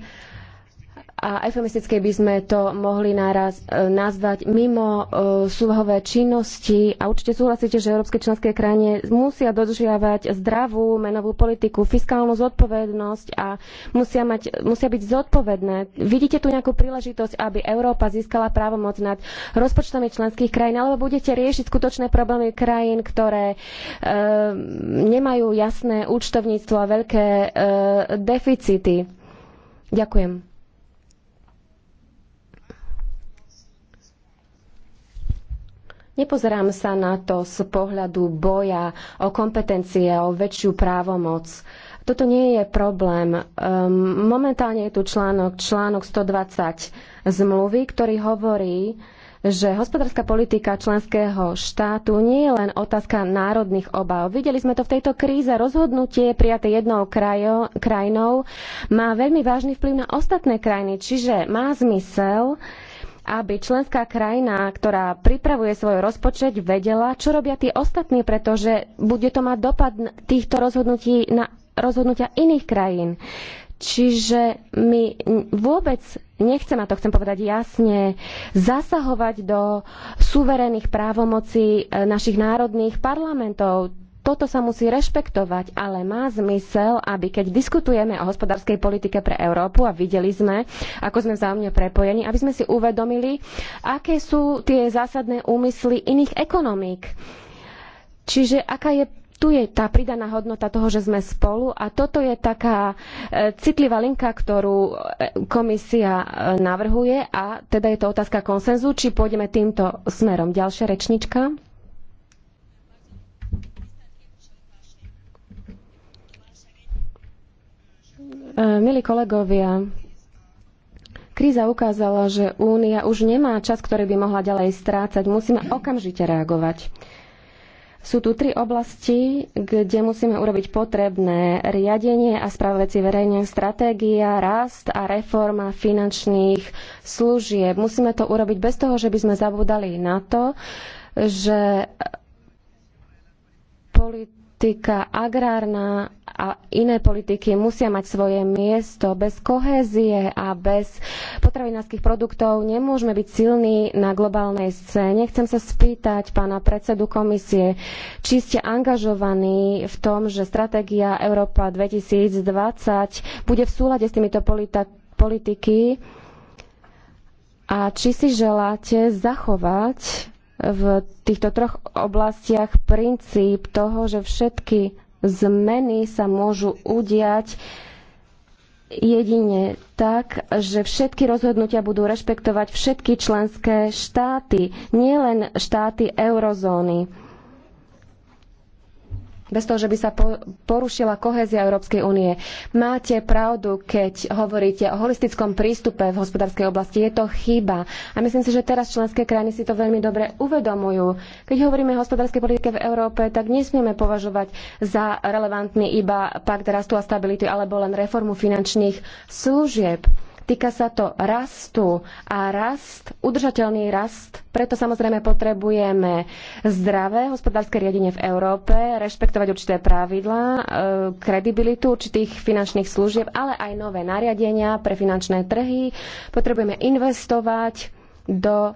Speaker 4: a eufemisticky by sme to mohli naraz e, nazvať mimo e, súhové činnosti. A určite súhlasíte, že európske členské krajine musia dodržiavať zdravú menovú politiku, fiskálnu zodpovednosť a musia, mať, musia byť zodpovedné. Vidíte tu nejakú príležitosť, aby Európa získala právomoc nad rozpočtami členských krajín, alebo budete riešiť skutočné problémy krajín, ktoré e, nemajú jasné účtovníctvo a veľké e, deficity? Ďakujem. Nepozerám sa na to z pohľadu boja o kompetencie, o väčšiu právomoc. Toto nie je problém. Ehm, momentálne je tu článok, článok 120 zmluvy, ktorý hovorí, že hospodárska politika členského štátu nie je len otázka národných obáv. Videli sme to v tejto kríze. Rozhodnutie prijaté jednou krajo, krajinou má veľmi vážny vplyv na ostatné krajiny, čiže má zmysel uh, aby členská krajina, ktorá pripravuje svoj rozpočet, vedela, čo robia tí ostatní, pretože bude to mať dopad týchto rozhodnutí na rozhodnutia iných krajín. Čiže my vôbec nechcem, a to chcem povedať jasne, zasahovať do suverénnych právomocí eh, našich národných parlamentov. Toto sa musí rešpektovať, ale má zmysel, aby keď diskutujeme o hospodárskej politike pre Európu a videli sme, ako sme vzájomne prepojení, aby sme si uvedomili, aké sú tie zásadné úmysly iných ekonomík. Čiže aká je tu je tá pridaná hodnota toho, že sme spolu a toto je taká e, citlivá linka, ktorú e, komisia e, navrhuje a teda je to otázka konsenzu, či pôjdeme týmto smerom. Ďalšia rečnička. E, milí kolegovia, Kríza ukázala, že Únia už nemá čas, ktorý by mohla ďalej strácať. Musíme okamžite reagovať. Sú tu tri oblasti, kde musíme urobiť potrebné riadenie a správa veci verejne, stratégia, rast a reforma finančných služieb. Musíme to urobiť bez toho, že by sme zabúdali na to, že polit politika agrárna a iné politiky musia mať svoje miesto. Bez kohézie a bez potravinárskych produktov nemôžeme byť silní na globálnej scéne. Chcem sa spýtať pána predsedu komisie, či ste angažovaní v tom, že stratégia Európa 2020 bude v súlade s týmito politiky a či si želáte zachovať v týchto troch oblastiach princíp toho, že všetky zmeny sa môžu udiať jedine tak, že všetky rozhodnutia budú rešpektovať všetky členské štáty, nielen štáty eurozóny bez toho, že by sa porušila kohézia Európskej únie. Máte pravdu, keď hovoríte o holistickom prístupe v hospodárskej oblasti. Je to chyba. A myslím si, že teraz členské krajiny si to veľmi dobre uvedomujú. Keď hovoríme o hospodárskej politike v Európe, tak nesmieme považovať za relevantný iba pakt rastu a stability alebo len reformu finančných služieb Týka sa to rastu a rast, udržateľný rast. Preto samozrejme potrebujeme zdravé hospodárske riadenie v Európe, rešpektovať určité pravidlá, e, kredibilitu určitých finančných služieb, ale aj nové nariadenia pre finančné trhy. Potrebujeme investovať do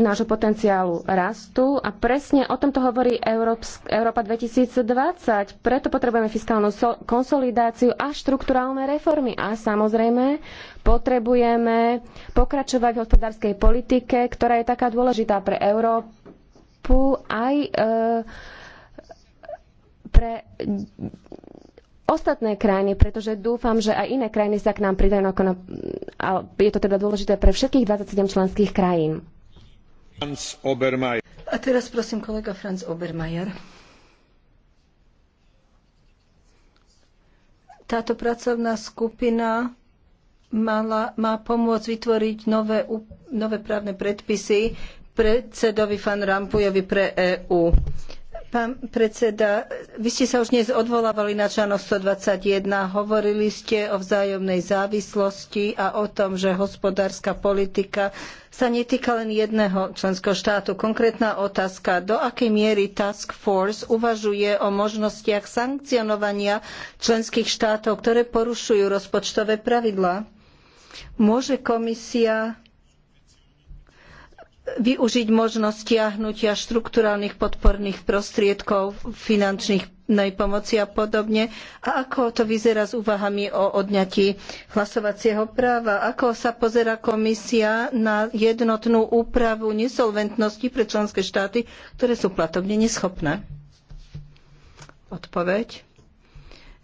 Speaker 4: nášho potenciálu rastu a presne o tomto hovorí Európa 2020. Preto potrebujeme fiskálnu konsolidáciu a štrukturálne reformy. A samozrejme potrebujeme pokračovať v hospodárskej politike, ktorá je taká dôležitá pre Európu aj e, pre ostatné krajiny, pretože dúfam, že aj iné krajiny sa k nám pridajú. A je to teda dôležité pre všetkých 27 členských krajín. Franz Obermeier.
Speaker 1: A teraz prosím kolega Franz Obermeier. Táto pracovná skupina mala, má pomôcť vytvoriť nové, nové právne predpisy predsedovi Van Rampujovi pre EÚ. Pán predseda, vy ste sa už dnes odvolávali na článok 121, hovorili ste o vzájomnej závislosti a o tom, že hospodárska politika sa netýka len jedného členského štátu. Konkrétna otázka, do akej miery Task Force uvažuje o možnostiach sankcionovania členských štátov, ktoré porušujú rozpočtové pravidlá? Môže komisia využiť možnosť stiahnutia štrukturálnych podporných prostriedkov, finančnej pomoci a podobne. A ako to vyzerá s úvahami o odňatí hlasovacieho práva? Ako sa pozerá komisia na jednotnú úpravu nesolventnosti pre členské štáty, ktoré sú platobne neschopné? Odpoveď.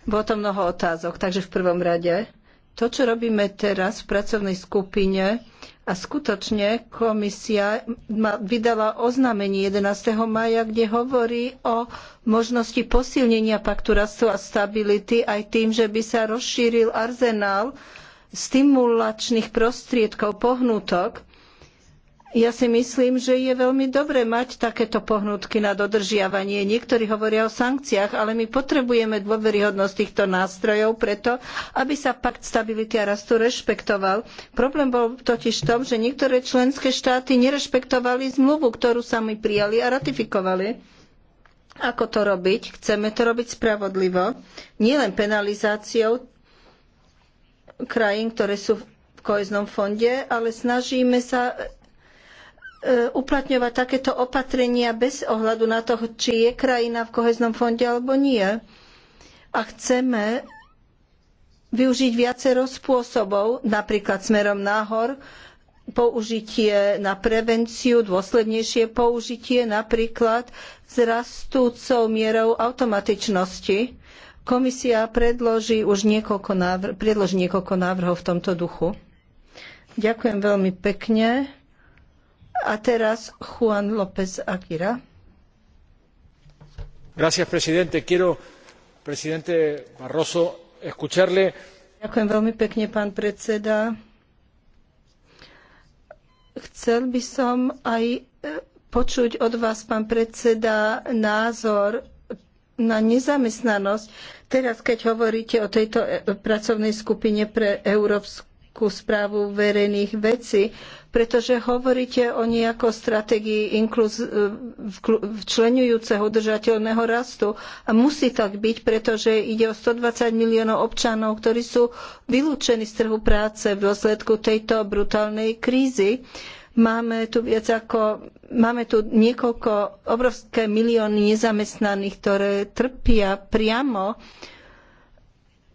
Speaker 1: Bolo to mnoho otázok, takže v prvom rade to, čo robíme teraz v pracovnej skupine, a skutočne komisia vydala oznámenie 11. maja, kde hovorí o možnosti posilnenia paktu rastu a stability aj tým, že by sa rozšíril arzenál stimulačných prostriedkov, pohnútok, ja si myslím, že je veľmi dobré mať takéto pohnutky na dodržiavanie. Niektorí hovoria o sankciách, ale my potrebujeme dôveryhodnosť týchto nástrojov preto, aby sa pakt stability a rastu rešpektoval. Problém bol totiž v tom, že niektoré členské štáty nerešpektovali zmluvu, ktorú sami prijali a ratifikovali. Ako to robiť? Chceme to robiť spravodlivo. Nielen penalizáciou krajín, ktoré sú v koheznom fonde, ale snažíme sa E, uplatňovať takéto opatrenia bez ohľadu na to, či je krajina v koheznom fonde alebo nie. A chceme využiť viacero spôsobov, napríklad smerom nahor, použitie na prevenciu, dôslednejšie použitie napríklad s rastúcou mierou automatičnosti. Komisia predloží už niekoľko, návr- predloží niekoľko návrhov v tomto duchu. Ďakujem veľmi pekne. A teraz Juan López Aguirre.
Speaker 3: Gracias, presidente. Quiero, presidente Barroso, escucharle. Ďakujem veľmi pekne, pán predseda. Chcel
Speaker 1: by som aj e, počuť od vás, pán predseda, názor na nezamestnanosť. Teraz, keď hovoríte o tejto e, pracovnej skupine pre európsku správu verejných vecí, pretože hovoríte o nejakej stratégii inkluz, včlenujúceho udržateľného rastu. A musí tak byť, pretože ide o 120 miliónov občanov, ktorí sú vylúčení z trhu práce v dôsledku tejto brutálnej krízy. Máme tu viac ako, máme tu niekoľko obrovské milióny nezamestnaných, ktoré trpia priamo uh,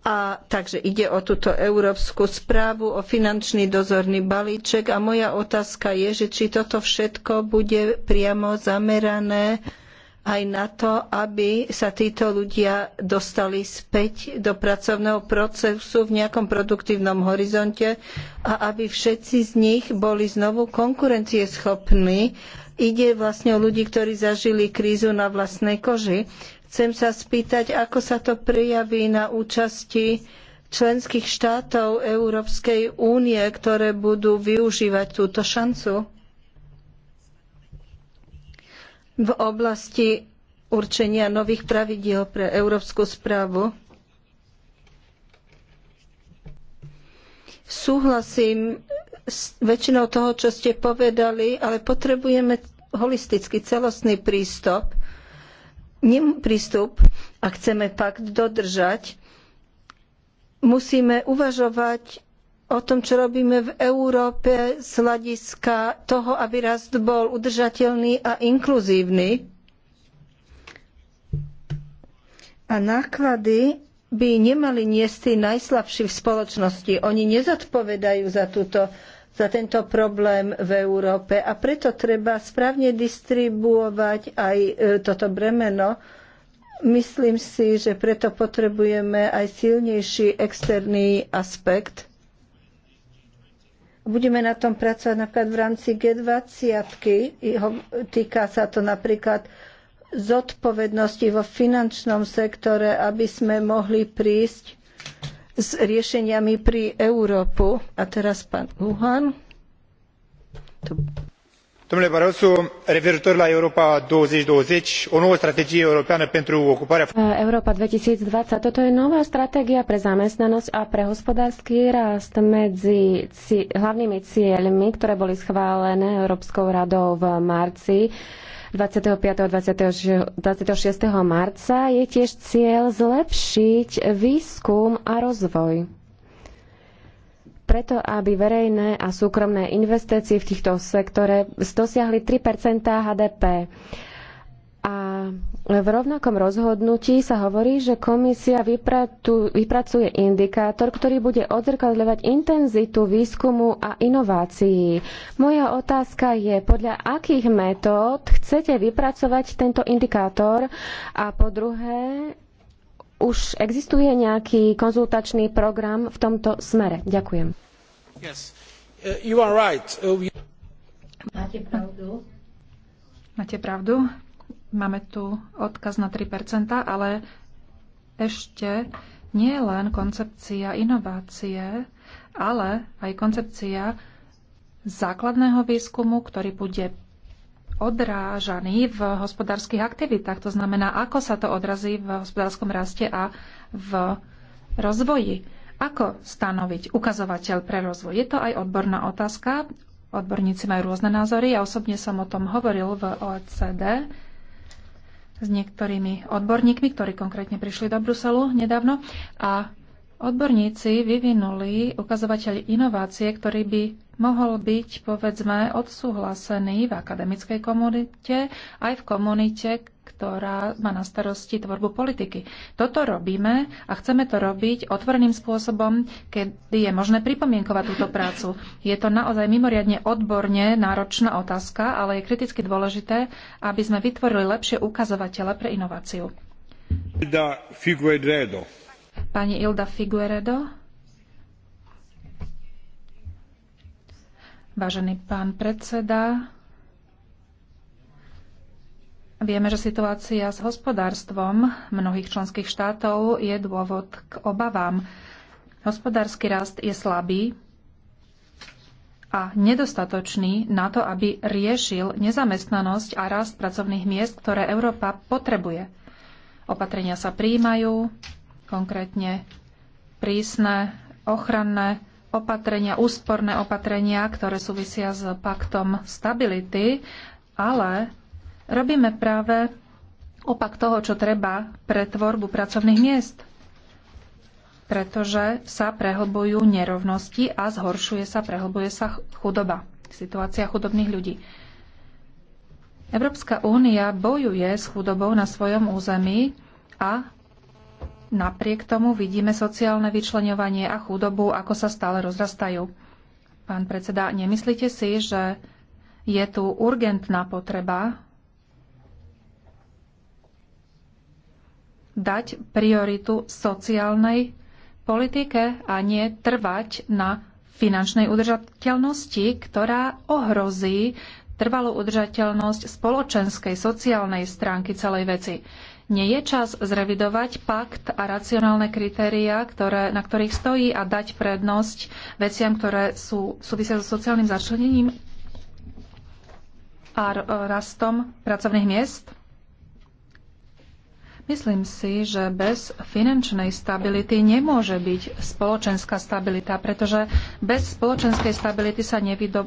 Speaker 1: a takže ide o túto európsku správu, o finančný dozorný balíček a moja otázka je, že či toto všetko bude priamo zamerané aj na to, aby sa títo ľudia dostali späť do pracovného procesu v nejakom produktívnom horizonte a aby všetci z nich boli znovu konkurencieschopní. Ide vlastne o ľudí, ktorí zažili krízu na vlastnej koži. Chcem sa spýtať, ako sa to prejaví na účasti členských štátov Európskej únie, ktoré budú využívať túto šancu v oblasti určenia nových pravidiel pre európsku správu. Súhlasím s väčšinou toho, čo ste povedali, ale potrebujeme holistický celostný prístup prístup a chceme pakt dodržať, musíme uvažovať o tom, čo robíme v Európe z hľadiska toho, aby rast bol udržateľný a inkluzívny. A náklady by nemali niesť tí najslabší v spoločnosti. Oni nezodpovedajú za túto za tento problém v Európe a preto treba správne distribuovať aj e, toto bremeno. Myslím si, že preto potrebujeme aj silnejší externý aspekt. Budeme na tom pracovať napríklad v rámci G20. Týka sa to napríklad zodpovednosti vo finančnom sektore, aby sme mohli prísť s riešeniami pri Európu. A teraz pán Luhan.
Speaker 3: Domnule Barroso, referitor la Europa 2020, o nouă strategie europeană pentru ocuparea...
Speaker 4: E, Európa 2020, toto je nová stratégia pre zamestnanosť a pre hospodársky rast medzi hlavnými cieľmi, ktoré boli schválené Európskou radou v marci 25. a 26. marca je tiež cieľ zlepšiť výskum a rozvoj. Preto, aby verejné a súkromné investície v týchto sektore dosiahli 3 HDP. A v rovnakom rozhodnutí sa hovorí, že komisia vypracuje indikátor, ktorý bude odzrkadľovať intenzitu výskumu a inovácií. Moja otázka je, podľa akých metód chcete vypracovať tento indikátor? A po druhé, už existuje nejaký konzultačný program v tomto smere? Ďakujem.
Speaker 3: Yes. Uh, you are right. Uh, we... Máte pravdu.
Speaker 2: Máte pravdu. Máme tu odkaz na 3%, ale ešte nie len koncepcia inovácie, ale aj koncepcia základného výskumu, ktorý bude odrážaný v hospodárskych aktivitách. To znamená, ako sa to odrazí v hospodárskom raste a v rozvoji. Ako stanoviť ukazovateľ pre rozvoj? Je to aj odborná otázka. Odborníci majú rôzne názory. Ja osobne som o tom hovoril v OECD s niektorými odborníkmi, ktorí konkrétne prišli do Bruselu nedávno a odborníci vyvinuli ukazovateľ inovácie, ktorý by mohol byť, povedzme, odsúhlasený v akademickej komunite, aj v komunite, ktorá má na starosti tvorbu politiky. Toto robíme a chceme to robiť otvoreným spôsobom, kedy je možné pripomienkovať túto prácu. Je to naozaj mimoriadne odborne náročná otázka, ale je kriticky dôležité, aby sme vytvorili lepšie ukazovatele pre inováciu. Pani Ilda Figueredo. Vážený pán predseda, Vieme, že situácia s hospodárstvom mnohých členských štátov je dôvod k obavám. Hospodársky rast je slabý a nedostatočný na to, aby riešil nezamestnanosť a rast pracovných miest, ktoré Európa potrebuje. Opatrenia sa príjmajú, konkrétne prísne ochranné opatrenia, úsporné opatrenia, ktoré súvisia s paktom stability, ale Robíme práve opak toho, čo treba pre tvorbu pracovných miest, pretože sa prehlbujú nerovnosti a zhoršuje sa, prehlbuje sa chudoba, situácia chudobných ľudí. Európska únia bojuje s chudobou na svojom území a napriek tomu vidíme sociálne vyčlenovanie a chudobu, ako sa stále rozrastajú. Pán predseda, nemyslíte si, že je tu urgentná potreba dať prioritu sociálnej politike a nie trvať na finančnej udržateľnosti, ktorá ohrozí trvalú udržateľnosť spoločenskej, sociálnej stránky celej veci. Nie je čas zrevidovať pakt a racionálne kritériá, ktoré, na ktorých stojí a dať prednosť veciam, ktoré sú súvisia so sociálnym začlenením a rastom pracovných miest? Myslím si, že bez finančnej stability nemôže byť spoločenská stabilita, pretože bez spoločenskej stability sa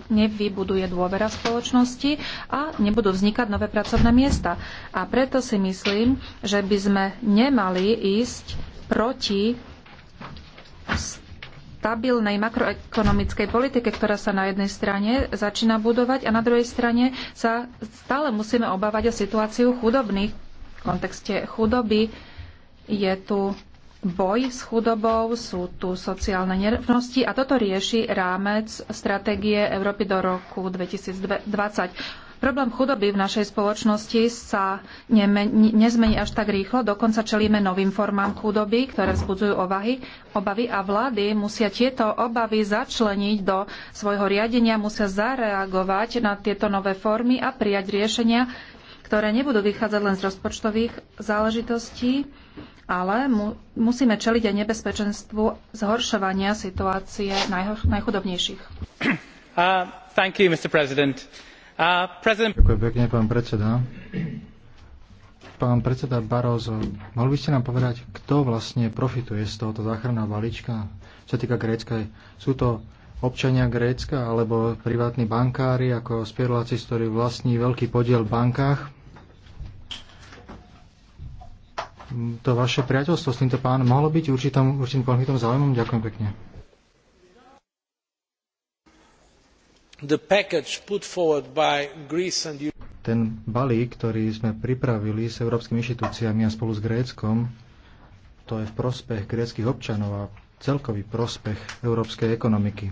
Speaker 2: nevybuduje dôvera spoločnosti a nebudú vznikať nové pracovné miesta. A preto si myslím, že by sme nemali ísť proti stabilnej makroekonomickej politike, ktorá sa na jednej strane začína budovať a na druhej strane sa stále musíme obávať o situáciu chudobných kontexte chudoby. Je tu boj s chudobou, sú tu sociálne nerovnosti a toto rieši rámec stratégie Európy do roku 2020. Problém chudoby v našej spoločnosti sa nezmení až tak rýchlo, dokonca čelíme novým formám chudoby, ktoré vzbudzujú obavy, obavy a vlády musia tieto obavy začleniť do svojho riadenia, musia zareagovať na tieto nové formy a prijať riešenia, ktoré nebudú vychádzať len z rozpočtových záležitostí, ale mu, musíme čeliť aj nebezpečenstvu zhoršovania situácie najho, najchudobnejších. Uh, thank you, Mr. President. Uh, president...
Speaker 3: Ďakujem pekne, pán predseda. Pán predseda Barozo, mohli by ste nám povedať, kto vlastne profituje z tohoto záchranného balíčka, čo sa týka Grécka? Sú to občania Grécka alebo privátni bankári ako spekuláci, ktorí vlastní veľký podiel v bankách. to vaše priateľstvo s týmto pánom mohlo byť určitým, určitým konfliktom záujmom? Ďakujem pekne. And... Ten balík, ktorý sme pripravili s európskymi inštitúciami a spolu s Gréckom, to je v prospech gréckých občanov a celkový prospech európskej ekonomiky.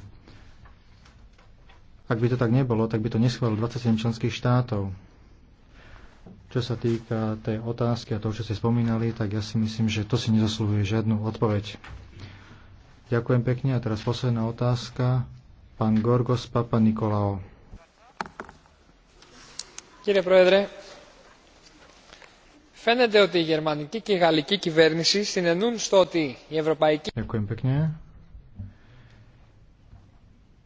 Speaker 3: Ak by to tak nebolo, tak by to neschválil 27 členských štátov. Čo sa týka tej otázky a toho, čo ste spomínali, tak ja si myslím, že to si nezaslúhuje žiadnu odpoveď. Ďakujem pekne a teraz posledná otázka. Pán Gorgos Papa Nikolao. Κύριε Πρόεδρε, φαίνεται ότι η γερμανική και η γαλλική κυβέρνηση συνενούν στο ότι η ευρωπαϊκή... Ďakujem pekne.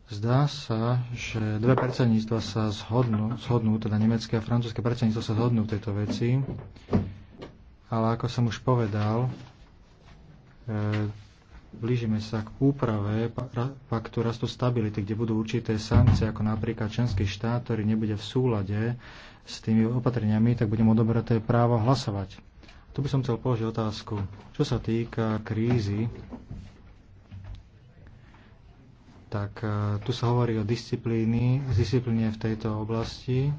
Speaker 3: Zdá sa, že dve predsedníctva sa zhodnú, zhodnú, teda nemecké a francúzske predsedníctva sa zhodnú v tejto veci, ale ako som už povedal, e, blížime sa k úprave paktu rastu stability, kde budú určité sankcie, ako napríklad členský štát, ktorý nebude v súlade s tými opatreniami, tak budem odobraté právo hlasovať. Tu by som chcel položiť otázku, čo sa týka krízy tak e, tu sa hovorí o disciplíny, disciplíne v tejto oblasti.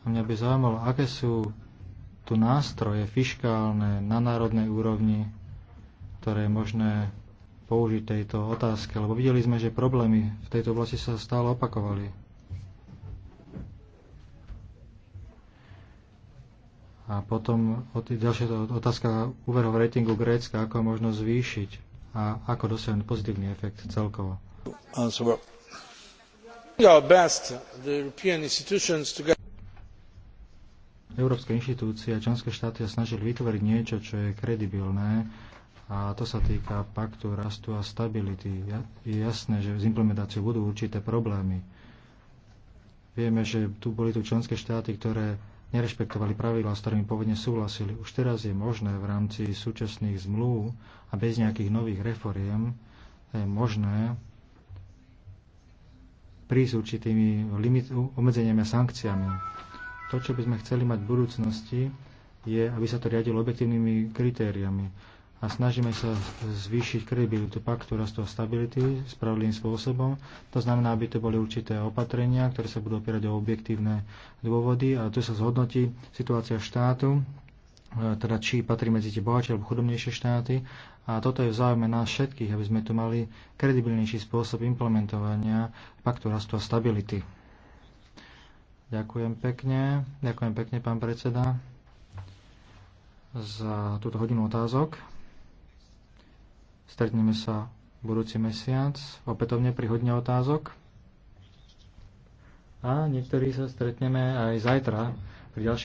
Speaker 3: A mňa by zaujímalo, aké sú tu nástroje fiškálne na národnej úrovni, ktoré je možné použiť tejto otázke, lebo videli sme, že problémy v tejto oblasti sa stále opakovali. A potom ďalšia otázka úverov ratingu Grécka, ako možno zvýšiť a ako dosiahnuť pozitívny efekt celkovo. Európske inštitúcie a členské štáty sa snažili vytvoriť niečo, čo je kredibilné a to sa týka paktu rastu a stability. Je jasné, že s implementáciou budú určité problémy. Vieme, že tu boli tu členské štáty, ktoré nerešpektovali pravidlá, s ktorými povedne súhlasili. Už teraz je možné v rámci súčasných zmluv a bez nejakých nových reforiem je možné prísť určitými limit, obmedzeniami a sankciami. To, čo by sme chceli mať v budúcnosti, je, aby sa to riadilo objektívnymi kritériami a snažíme sa zvýšiť kredibilitu paktu rastu a stability spravodlivým spôsobom. To znamená, aby to boli určité opatrenia, ktoré sa budú opierať o objektívne dôvody a tu sa zhodnotí situácia štátu, e, teda či patrí medzi tie bohatšie alebo chudobnejšie štáty. A toto je v záujme nás všetkých, aby sme tu mali kredibilnejší spôsob implementovania paktu rastu a stability. Ďakujem pekne. Ďakujem pekne, pán predseda, za túto hodinu otázok. Stretneme sa budúci mesiac opätovne pri hodne otázok. A niektorí sa stretneme aj zajtra pri